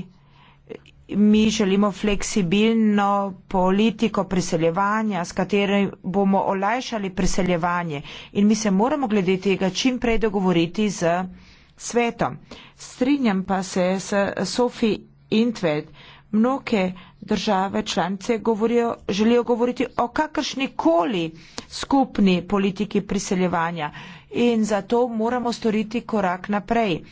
mi želimo fleksibilno politiko priseljevanja, s katerim bomo olajšali priseljevanje in mi se moramo glede tega čim prej dogovoriti z svetom. Strinjam pa se s Sofi Intved. Mnoge države članice govorijo, želijo govoriti o kakršni koli skupni politiki priseljevanja in zato moramo storiti korak naprej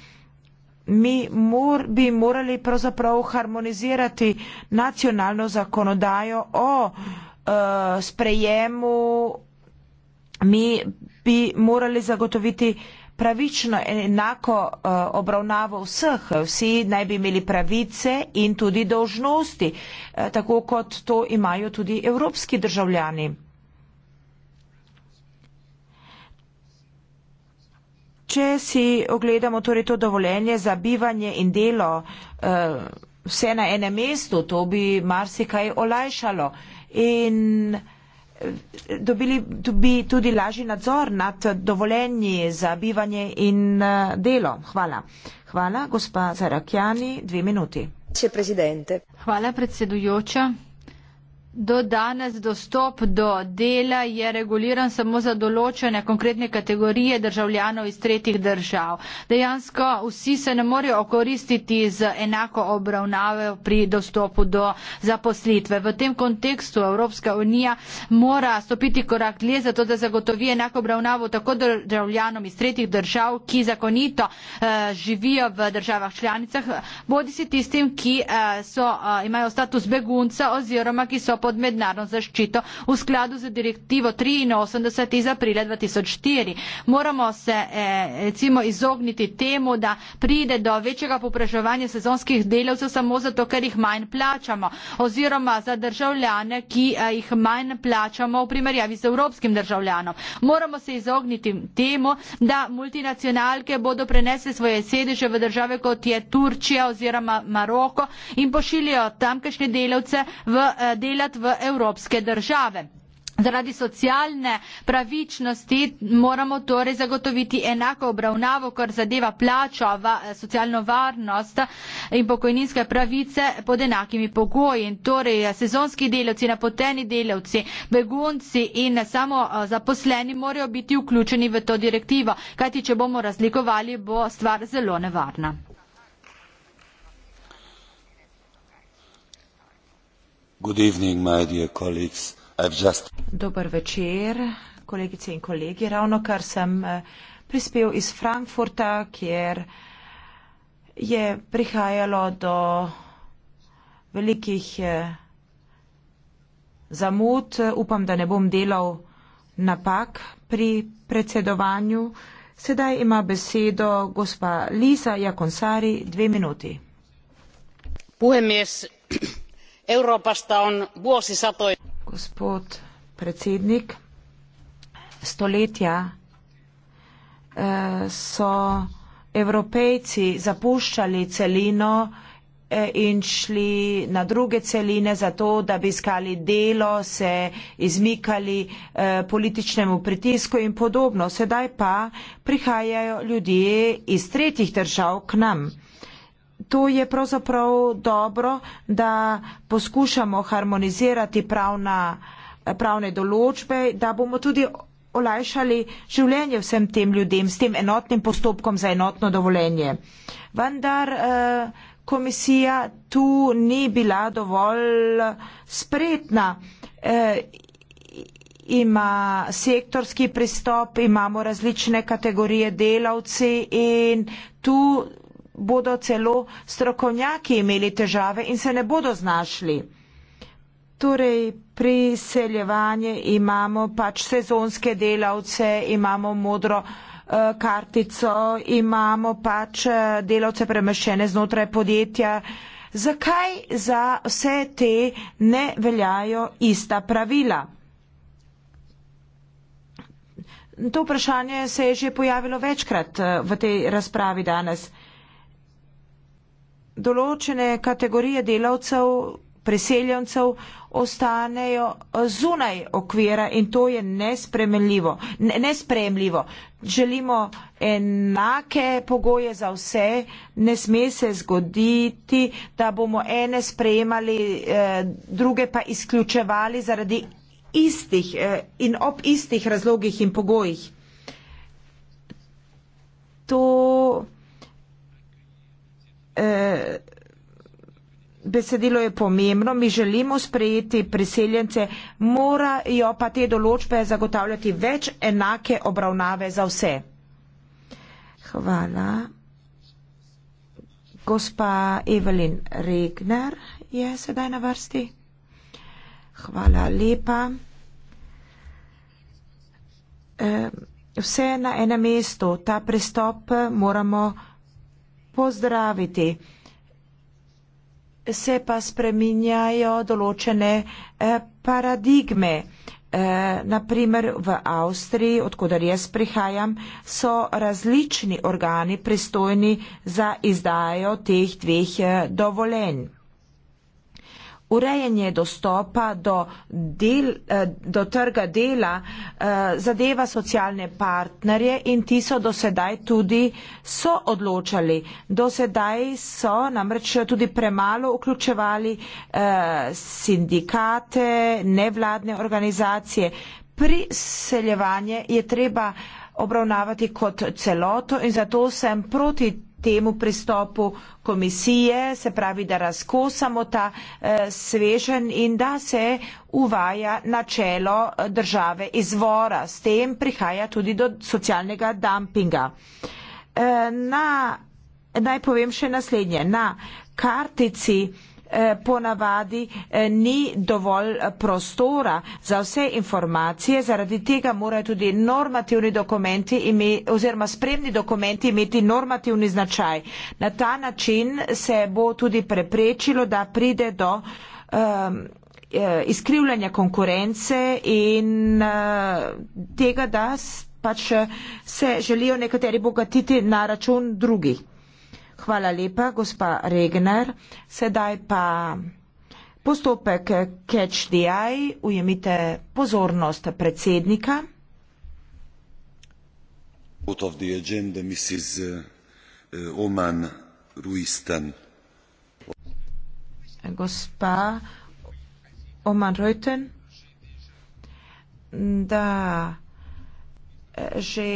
mi mor, bi morali pravzaprav harmonizirati nacionalno zakonodajo o uh, sprejemu, mi bi morali zagotoviti pravično in enako uh, obravnavo vseh. Vsi naj bi imeli pravice in tudi dožnosti, uh, eh, tako kot to imajo tudi evropski državljani. če si ogledamo torej to dovoljenje za bivanje in delo eh, vse na enem mestu, to bi marsikaj olajšalo in eh, dobili bi tudi lažji nadzor nad dovoljenji za bivanje in eh, delo. Hvala. Hvala, gospa Zarakjani, dve minuti. Hvala, predsedujoča do danes dostop do dela je reguliran samo za določene konkretne kategorije državljanov iz tretjih držav. Dejansko vsi se ne morejo okoristiti z enako obravnave pri dostopu do zaposlitve. V tem kontekstu Evropska unija mora stopiti korak dlje za to, da zagotovi enako obravnavo tako državljanom iz tretjih držav, ki zakonito eh, živijo v državah članicah, bodi si tistim, ki eh, so, eh, imajo status begunca oziroma ki so pod mednarodno zaščito v skladu z direktivo 83 iz aprila 2004. Moramo se eh, recimo izogniti temu, da pride do večjega popraževanja sezonskih delavcev samo zato, ker jih manj plačamo oziroma za državljane, ki eh, jih manj plačamo v primerjavi z evropskim državljanom. Moramo se izogniti temu, da multinacionalke bodo prenesli svoje sedeže v države, kot je Turčija oziroma Maroko in pošiljajo tamkajšnje delavce v eh, delat vstopati v evropske države. Zaradi socialne pravičnosti moramo torej zagotoviti enako obravnavo, kar zadeva plačo, va, socialno varnost in pokojninske pravice pod enakimi pogoji. Torej, sezonski delavci, napoteni delavci, begunci in samo zaposleni morajo biti vključeni v to direktivo, kajti če bomo razlikovali, bo stvar zelo nevarna. Dober večer, kolegice in kolegi. Ravno kar sem eh, prispel iz Frankfurta, kjer je prihajalo do velikih eh, zamud. Upam, da ne bom delal napak pri predsedovanju. Sedaj ima besedo gospa Lisa Jakonsari, dve minuti. Puhemies. Evropasta on vuosisatoja. Gospod predsednik, stoletja eh, so evropejci zapuščali celino eh, in šli na druge celine zato, da bi iskali delo, se izmikali eh, političnemu pritisku in podobno. Sedaj pa prihajajo ljudje iz tretjih držav k nam. To je pravzaprav dobro, da poskušamo harmonizirati pravna, pravne določbe, da bomo tudi olajšali življenje vsem tem ljudem s tem enotnim postopkom za enotno dovoljenje. Vendar eh, komisija tu ni bila dovolj spretna. Eh, ima sektorski pristop, imamo različne kategorije delavci in tu bodo celo strokovnjaki imeli težave in se ne bodo znašli. Torej, priseljevanje imamo pač sezonske delavce, imamo modro eh, kartico, imamo pač eh, delavce premešene znotraj podjetja. Zakaj za vse te ne veljajo ista pravila? To vprašanje se je že pojavilo večkrat eh, v tej razpravi danes določene kategorije delavcev, preseljencev ostanejo zunaj okvira in to je nespremljivo. Ne, nespremljivo. Želimo enake pogoje za vse, ne sme se zgoditi, da bomo ene sprejemali, eh, druge pa izključevali zaradi istih eh, in ob istih razlogih in pogojih. To eh, besedilo je pomembno, mi želimo sprejeti priseljence, morajo pa te določbe zagotavljati več enake obravnave za vse. Hvala. Gospa Evelin Regner je sedaj na vrsti. Hvala lepa. Eh, vse na enem mestu, ta pristop moramo pozdraviti. Se pa spreminjajo določene eh, paradigme. Eh, Naprimer v Avstriji, odkudar jaz prihajam, so različni organi pristojni za izdajo teh dveh eh, dovolenj urejanje dostopa do, del, eh, do trga dela eh, zadeva socialne partnerje in ti so dosedaj tudi so odločali. Dosedaj so namreč tudi premalo vključevali eh, sindikate, nevladne organizacije. Priseljevanje je treba obravnavati kot celoto in zato sem proti temu pristopu komisije, se pravi, da razkosamo ta eh, svežen in da se uvaja načelo eh, države izvora. S tem prihaja tudi do socialnega dumpinga. Eh, na, naj povem še naslednje. Na kartici eh, Eh, ponavadi eh, ni dovolj eh, prostora za vse informacije, zaradi tega morajo tudi normativni dokumenti imi, oziroma spremni dokumenti imeti normativni značaj. Na ta način se bo tudi preprečilo, da pride do um, izkrivljanja konkurence in uh, tega, da pač se želijo nekateri bogatiti na račun drugih. Hvala lepa, gospa Regner. Sedaj pa postopek CatchDI. Ujemite pozornost predsednika. Out of the agenda, Mrs. Uh, uh, Oman Ruisten. Gospa Oman Ruisten. Da, eh, že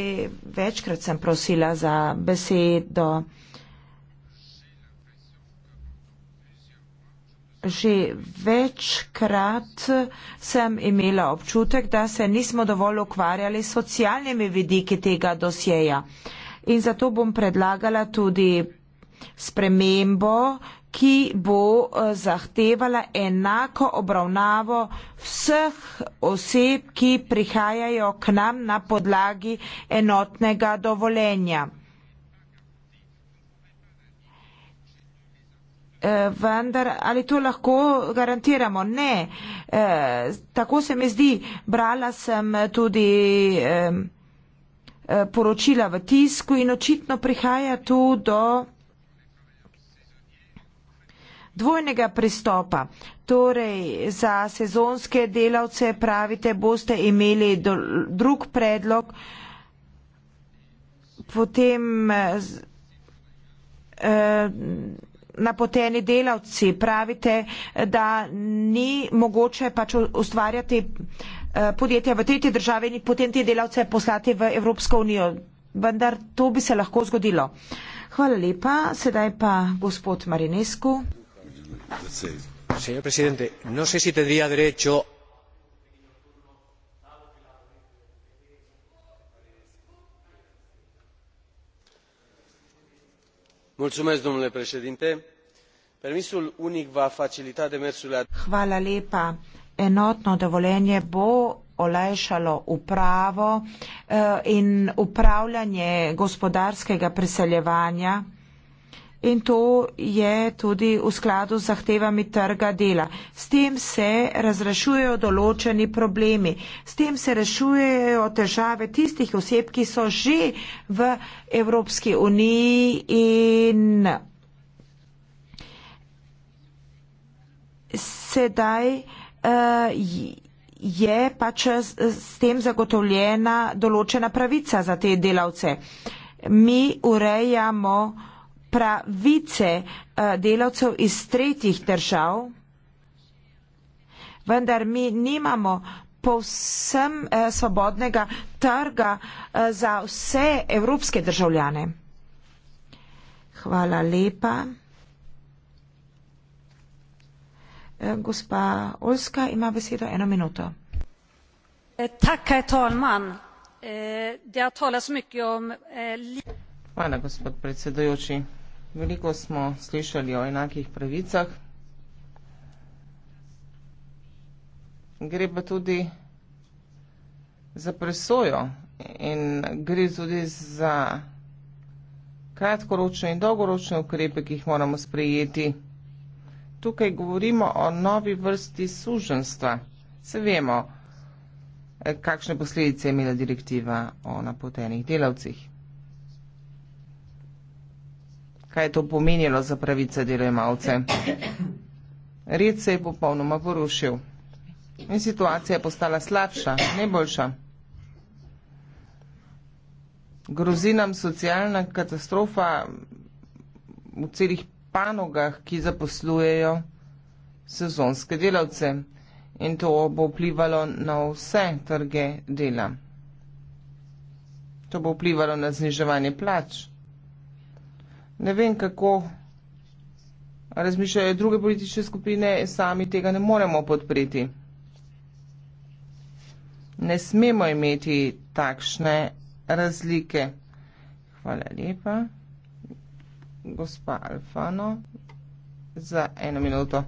večkrat sem prosila za besedo. že večkrat sem imela občutek, da se nismo dovolj ukvarjali s socialnimi vidiki tega dosjeja. In zato bom predlagala tudi spremembo, ki bo eh, zahtevala enako obravnavo vseh oseb, ki prihajajo k nam na podlagi enotnega dovoljenja. Eh, vendar ali to lahko garantiramo? Ne. Eh, tako se mi zdi. Brala sem tudi eh, poročila v tisku in očitno prihaja tu do dvojnega pristopa. Torej, za sezonske delavce pravite, boste imeli drug predlog, potem napoteni delavci. Pravite, da ni mogoče pač ustvarjati eh, podjetja v tretji državi in potem te delavce poslati v Evropsko unijo. Vendar to bi se lahko zgodilo. Hvala lepa. Sedaj pa gospod Marinescu. Señor presidente, no sé si tendría derecho permisul unic va facilita demersurile. enotno dovoljenje bo olajšalo upravo eh, in upravljanje gospodarskega preseljevanja in to je tudi v skladu z zahtevami trga dela. S tem se razrešujejo določeni problemi, s tem se rešujejo težave tistih oseb, ki so že v Evropski uniji in sedaj uh, je pač s tem zagotovljena določena pravica za te delavce. Mi urejamo uh, pravice eh, delavcev iz tretjih držav, vendar mi nimamo povsem eh, svobodnega trga eh, za vse evropske državljane. Hvala lepa. Gospa Olska ima besedo eno minuto. Hvala, gospod predsedujoči. Veliko smo slišali o enakih pravicah. Gre pa tudi za presojo in gre tudi za kratkoročne in dolgoročne ukrepe, ki jih moramo sprejeti. Tukaj govorimo o novi vrsti suženstva. Se vemo, eh, kakšne posledice je imela direktiva o napotenih delavcih. kaj je to pomenilo za pravice delojemalce. Red se je popolnoma porušil in situacija je postala slabša, ne boljša. Grozi nam socialna katastrofa v celih panogah, ki zaposlujejo sezonske delavce in to bo vplivalo na vse trge dela. To bo vplivalo na zniževanje plač ne vem kako razmišljajo druge politične skupine, sami tega ne moremo podpreti. Ne smemo imeti takšne razlike. Hvala lepa. Gospa Alfano, za eno minuto.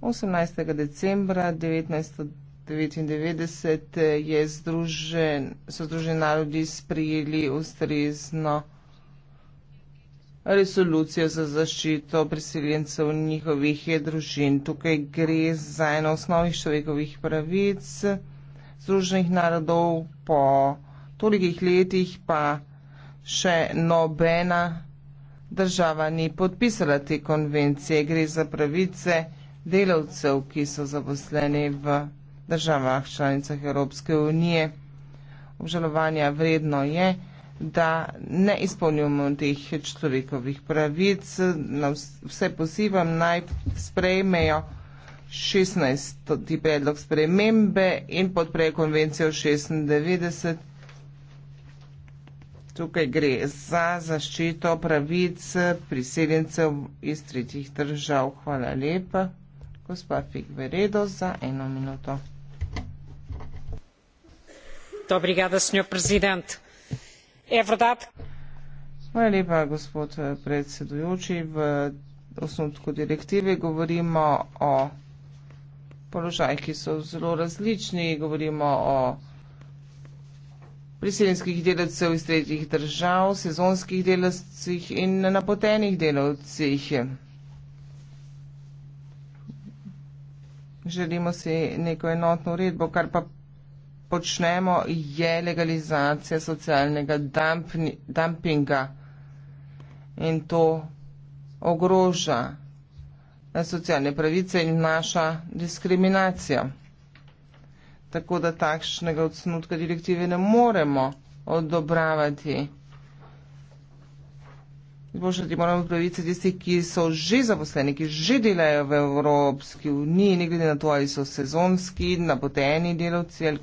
18. decembra 1920. 1999 je združen, so združeni narodi sprijeli ustrezno resolucijo za zaščito priseljencev in njihovih družin. Tukaj gre za eno osnovih človekovih pravic združenih narodov po tolikih letih pa še nobena država ni podpisala te konvencije. Gre za pravice delavcev, ki so zaposleni v državah članicah Evropske unije. Obžalovanja vredno je, da ne izpolnjujemo teh človekovih pravic. Vse pozivam naj sprejmejo 16. predlog spremembe in podprejo konvencijo 96. Tukaj gre za zaščito pravic priseljencev iz tretjih držav. Hvala lepa, gospa Figveredo, za eno minuto gospod eh, predsedujoči v osnutku direktive govorimo o položajih, ki so zelo različni, govorimo o priseljenskih delavcev iz tretjih držav, sezonskih delavcih in napotenih delavcih. Želimo si neko enotno uredbo, kar pa počnemo, je legalizacija socialnega dampni, dampinga. In to ogroža socialne pravice in naša diskriminacija. Tako da takšnega odsnutka direktive ne moremo odobravati. Izboljšati moramo pravice tistih, ki so že zaposleni, ki že delajo v Evropski uniji, ne glede na to, ali so sezonski, napoteni delavci ali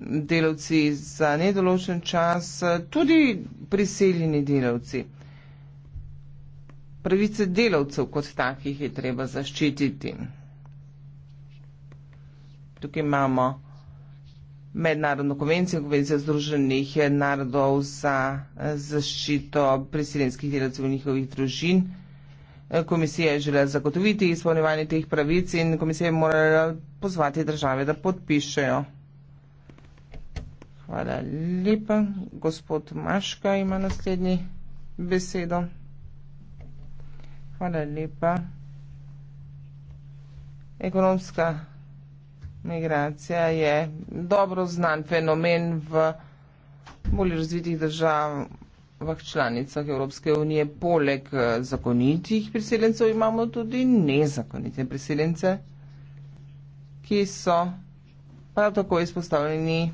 delavci za nedoločen čas, tudi priseljeni delavci. Pravice delavcev kot takih je treba zaščititi. Tukaj imamo mednarodno konvencijo, konvencijo združenih narodov za zaščito priseljenskih delavcev in njihovih družin. Komisija je želela zagotoviti izpolnjevanje teh pravic in komisija je morala pozvati države, da podpišejo Hvala lepa. Gospod Maška ima naslednji besedo. Hvala lepa. Ekonomska migracija je dobro znan fenomen v bolj razvitih državah članicah Evropske unije. Poleg zakonitih priseljencev imamo tudi nezakonite priseljence, ki so prav tako izpostavljeni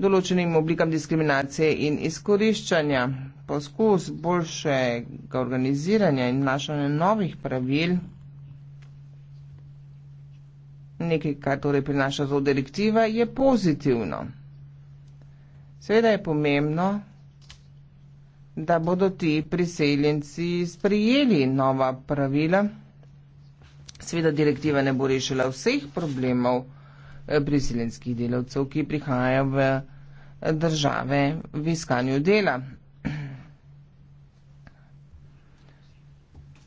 določenim oblikam diskriminacije in izkoriščanja. Poskus boljšega organiziranja in našanja novih pravil, nekaj, kar torej prinaša zelo direktiva, je pozitivno. Seveda je pomembno, da bodo ti priseljenci sprijeli nova pravila. Seveda direktiva ne bo rešila vseh problemov, priseljenskih eh, delavcev, ki prihajajo v eh, države v iskanju dela.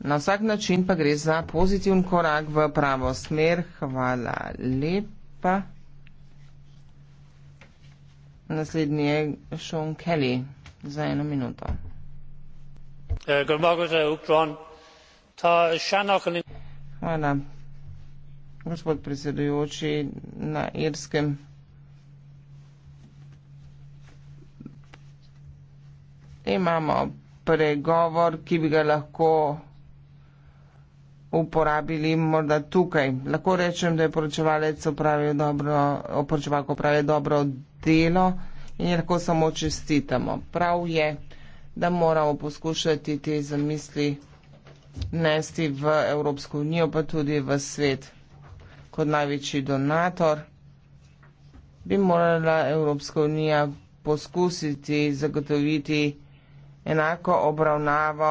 Na vsak način pa gre za pozitiven korak v pravo smer. Hvala lepa. Naslednji je Sean Kelly za eno minuto. Eh, Hvala gospod predsedujoči na irskem. Imamo pregovor, ki bi ga lahko uporabili morda tukaj. Lahko rečem, da je poročevalec opravil dobro, oporočevalko opravil dobro delo in je lahko samo čestitamo. Prav je, da moramo poskušati te zamisli nesti v Evropsko unijo, pa tudi v svet kot največji donator, bi morala Evropska unija poskusiti zagotoviti enako obravnavo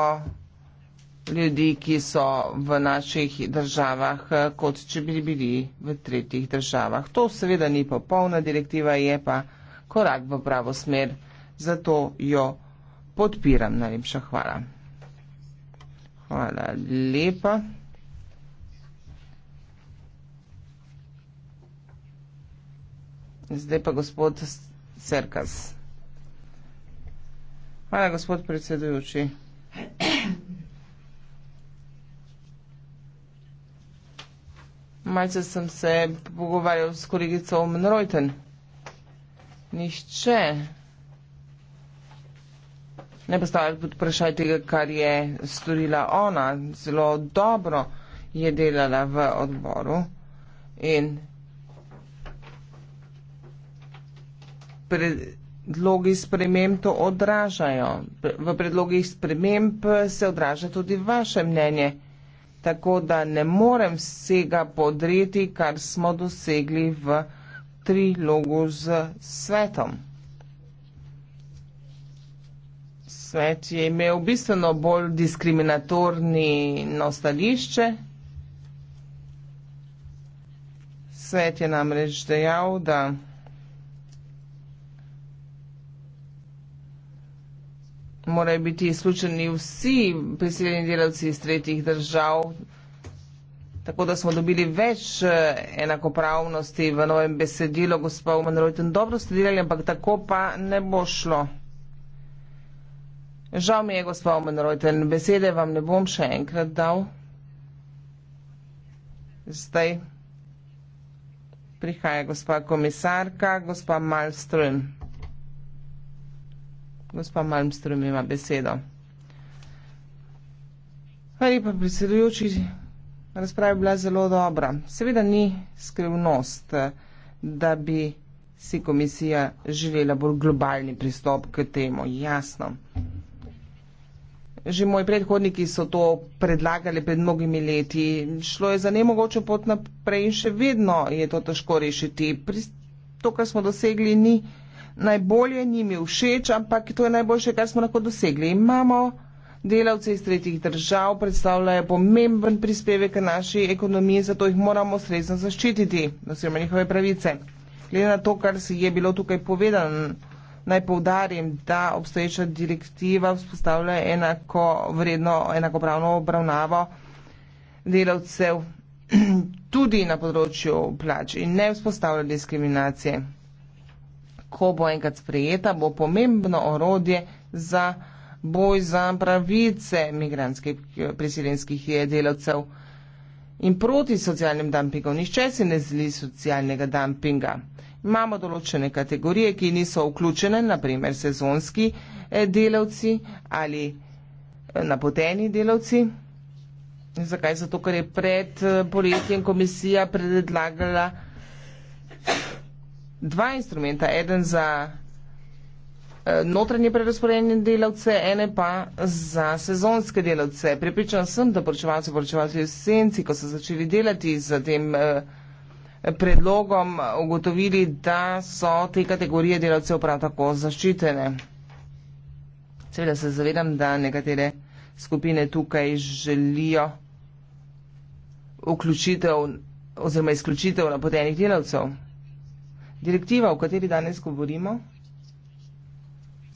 ljudi, ki so v naših državah, kot če bi bili v tretjih državah. To seveda ni popolna direktiva, je pa korak v pravo smer. Zato jo podpiram. Najlepša hvala. Hvala lepa. Zdaj pa gospod Cerkas. Hvala, gospod predsedujoči. Malce sem se pogovarjal s kolegico Mnrojten. Nišče. Ne postavljati pod vprašaj tega, kar je storila ona. Zelo dobro je delala v odboru. In predlogi sprememb to odražajo. V predlogih sprememb se odraža tudi vaše mnenje. Tako da ne morem vsega podreti, kar smo dosegli v trilogu z svetom. Svet je imel bistveno bolj diskriminatorni nastališče. Svet je namreč dejal, da morajo biti izključeni vsi priseljeni delavci iz tretjih držav, tako da smo dobili več eh, enakopravnosti v novem besedilu, gospa Umanrojten, dobro ste delali, ampak tako pa ne bo šlo. Žal mi je, gospa Umanrojten, besede vam ne bom še enkrat dal. Zdaj prihaja gospa komisarka, gospa Malström. Gospa Malmström ima besedo. Hvala lepa, predsedujoči. Razprava je bila zelo dobra. Seveda ni skrivnost, da bi si komisija želela bolj globalni pristop k temu. Jasno. Že moji predhodniki so to predlagali pred mnogimi leti. Šlo je za nemogočo pot naprej in še vedno je to težko rešiti. To, kar smo dosegli, ni najbolje, ni mi všeč, ampak to je najboljše, kar smo lahko dosegli. Imamo delavce iz tretjih držav, predstavljajo pomemben prispevek k naši ekonomiji, zato jih moramo srezno zaščititi, oziroma njihove pravice. Glede na to, kar si je bilo tukaj povedano, naj povdarim, da obstoječa direktiva vzpostavlja enako vredno, enakopravno obravnavo delavcev tudi na področju plač in ne vzpostavlja diskriminacije ko bo enkrat sprejeta, bo pomembno orodje za boj za pravice migranskih priseljenskih delavcev in proti socialnim dumpingom. Nihče se ne zli socialnega dumpinga. Imamo določene kategorije, ki niso vključene, naprimer sezonski eh, delavci ali eh, napoteni delavci. Zakaj? Zato, ker je pred eh, poletjem komisija predlagala dva instrumenta. Eden za eh, notranje prerasporedjenje delavce, ene pa za sezonske delavce. Pripričan sem, da poročevalci in poročevalci v senci, ko so začeli delati za tem eh, predlogom, ugotovili, da so te kategorije delavcev prav tako zaščitene. Seveda se zavedam, da nekatere skupine tukaj želijo vključitev oziroma izključitev napotenih delavcev. Direktiva, o kateri danes govorimo,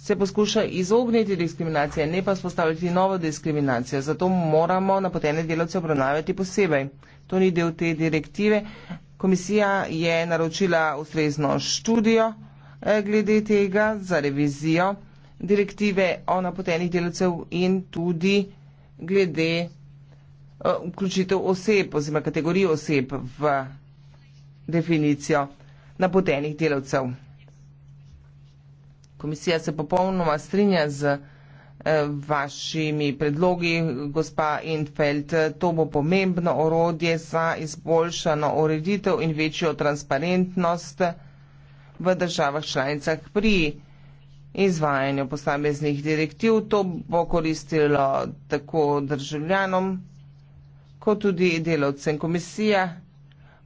se poskuša izogniti diskriminacije, ne pa spostaviti novo diskriminacijo. Zato moramo napotene delavce obravnavati posebej. To ni del te direktive. Komisija je naročila ustrezno študijo eh, glede tega za revizijo direktive o napotenih delavcev in tudi glede eh, vključitev oseb oziroma kategorij oseb v definicijo napotenih delavcev. Komisija se popolnoma strinja z eh, vašimi predlogi, gospa Infeld. To bo pomembno orodje za izboljšano ureditev in večjo transparentnost v državah članicah pri izvajanju posameznih direktiv. To bo koristilo tako državljanom, kot tudi delavcem komisije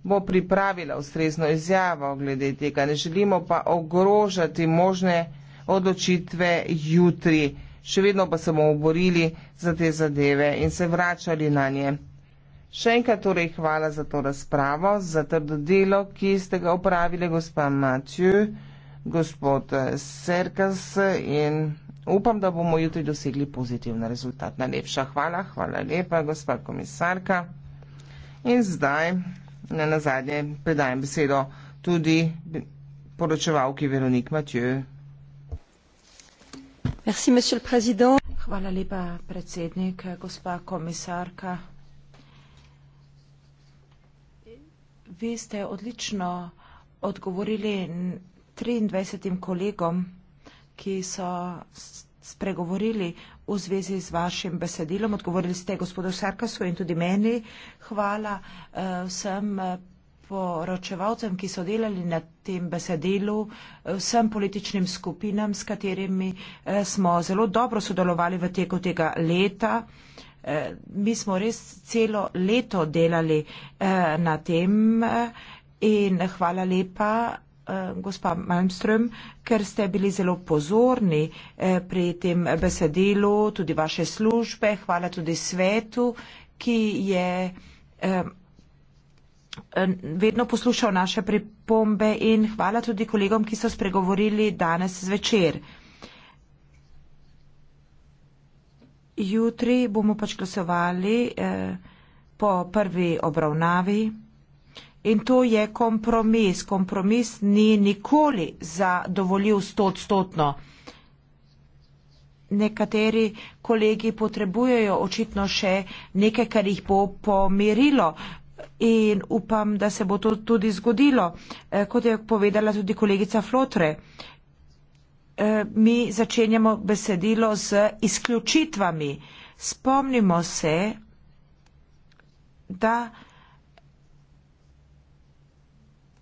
bo pripravila ustrezno izjavo glede tega. Ne želimo pa ogrožati možne odločitve jutri. Še vedno pa se bomo borili za te zadeve in se vračali na nje. Še enkrat torej hvala za to razpravo, za trdo delo, ki ste ga upravili, gospa Matju, gospod Serkas in upam, da bomo jutri dosegli pozitivna rezultat. Najlepša hvala, hvala lepa, gospa komisarka. In zdaj ne na zadnje predajem besedo tudi poročevalki Veronik Matjö. Merci, monsieur le président. Hvala lepa, predsednik, gospa komisarka. Vi ste odlično odgovorili 23 kolegom, ki so spregovorili v zvezi z vašim besedilom. Odgovorili ste gospodu Sarkasu in tudi meni. Hvala eh, vsem eh, poročevalcem, ki so delali na tem besedilu, eh, vsem političnim skupinam, s katerimi smo zelo dobro sodelovali v teku tega leta. Mi smo res celo leto delali na tem in hvala lepa. Eh, gospa Malmström, ker ste bili zelo pozorni eh, pri tem besedilu, tudi vaše službe, hvala tudi svetu, ki je eh, vedno poslušal naše pripombe in hvala tudi kolegom, ki so spregovorili danes zvečer. Jutri bomo pač glasovali po prvi obravnavi. In to je kompromis. Kompromis ni nikoli zadovoljiv stotstotno. Nekateri kolegi potrebujejo očitno še nekaj, kar jih bo pomirilo. In upam, da se bo to tudi zgodilo, eh, kot je povedala tudi kolegica Flotre. Eh, mi začenjamo besedilo z izključitvami. Spomnimo se, da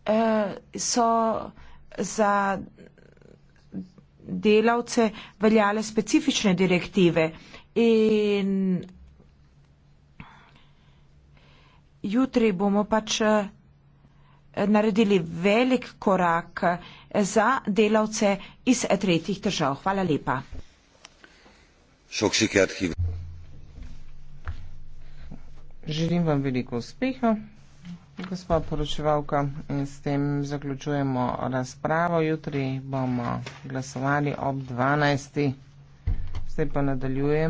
Eh, so za delavce veljale specifične direktive in jutri bomo pač eh, naredili velik korak eh, za delavce iz tretjih držav. Hvala lepa. Želim vam veliko uspeha. Gospa poročevalka, s tem zaključujemo razpravo. Jutri bomo glasovali ob 12. Zdaj pa nadaljujemo.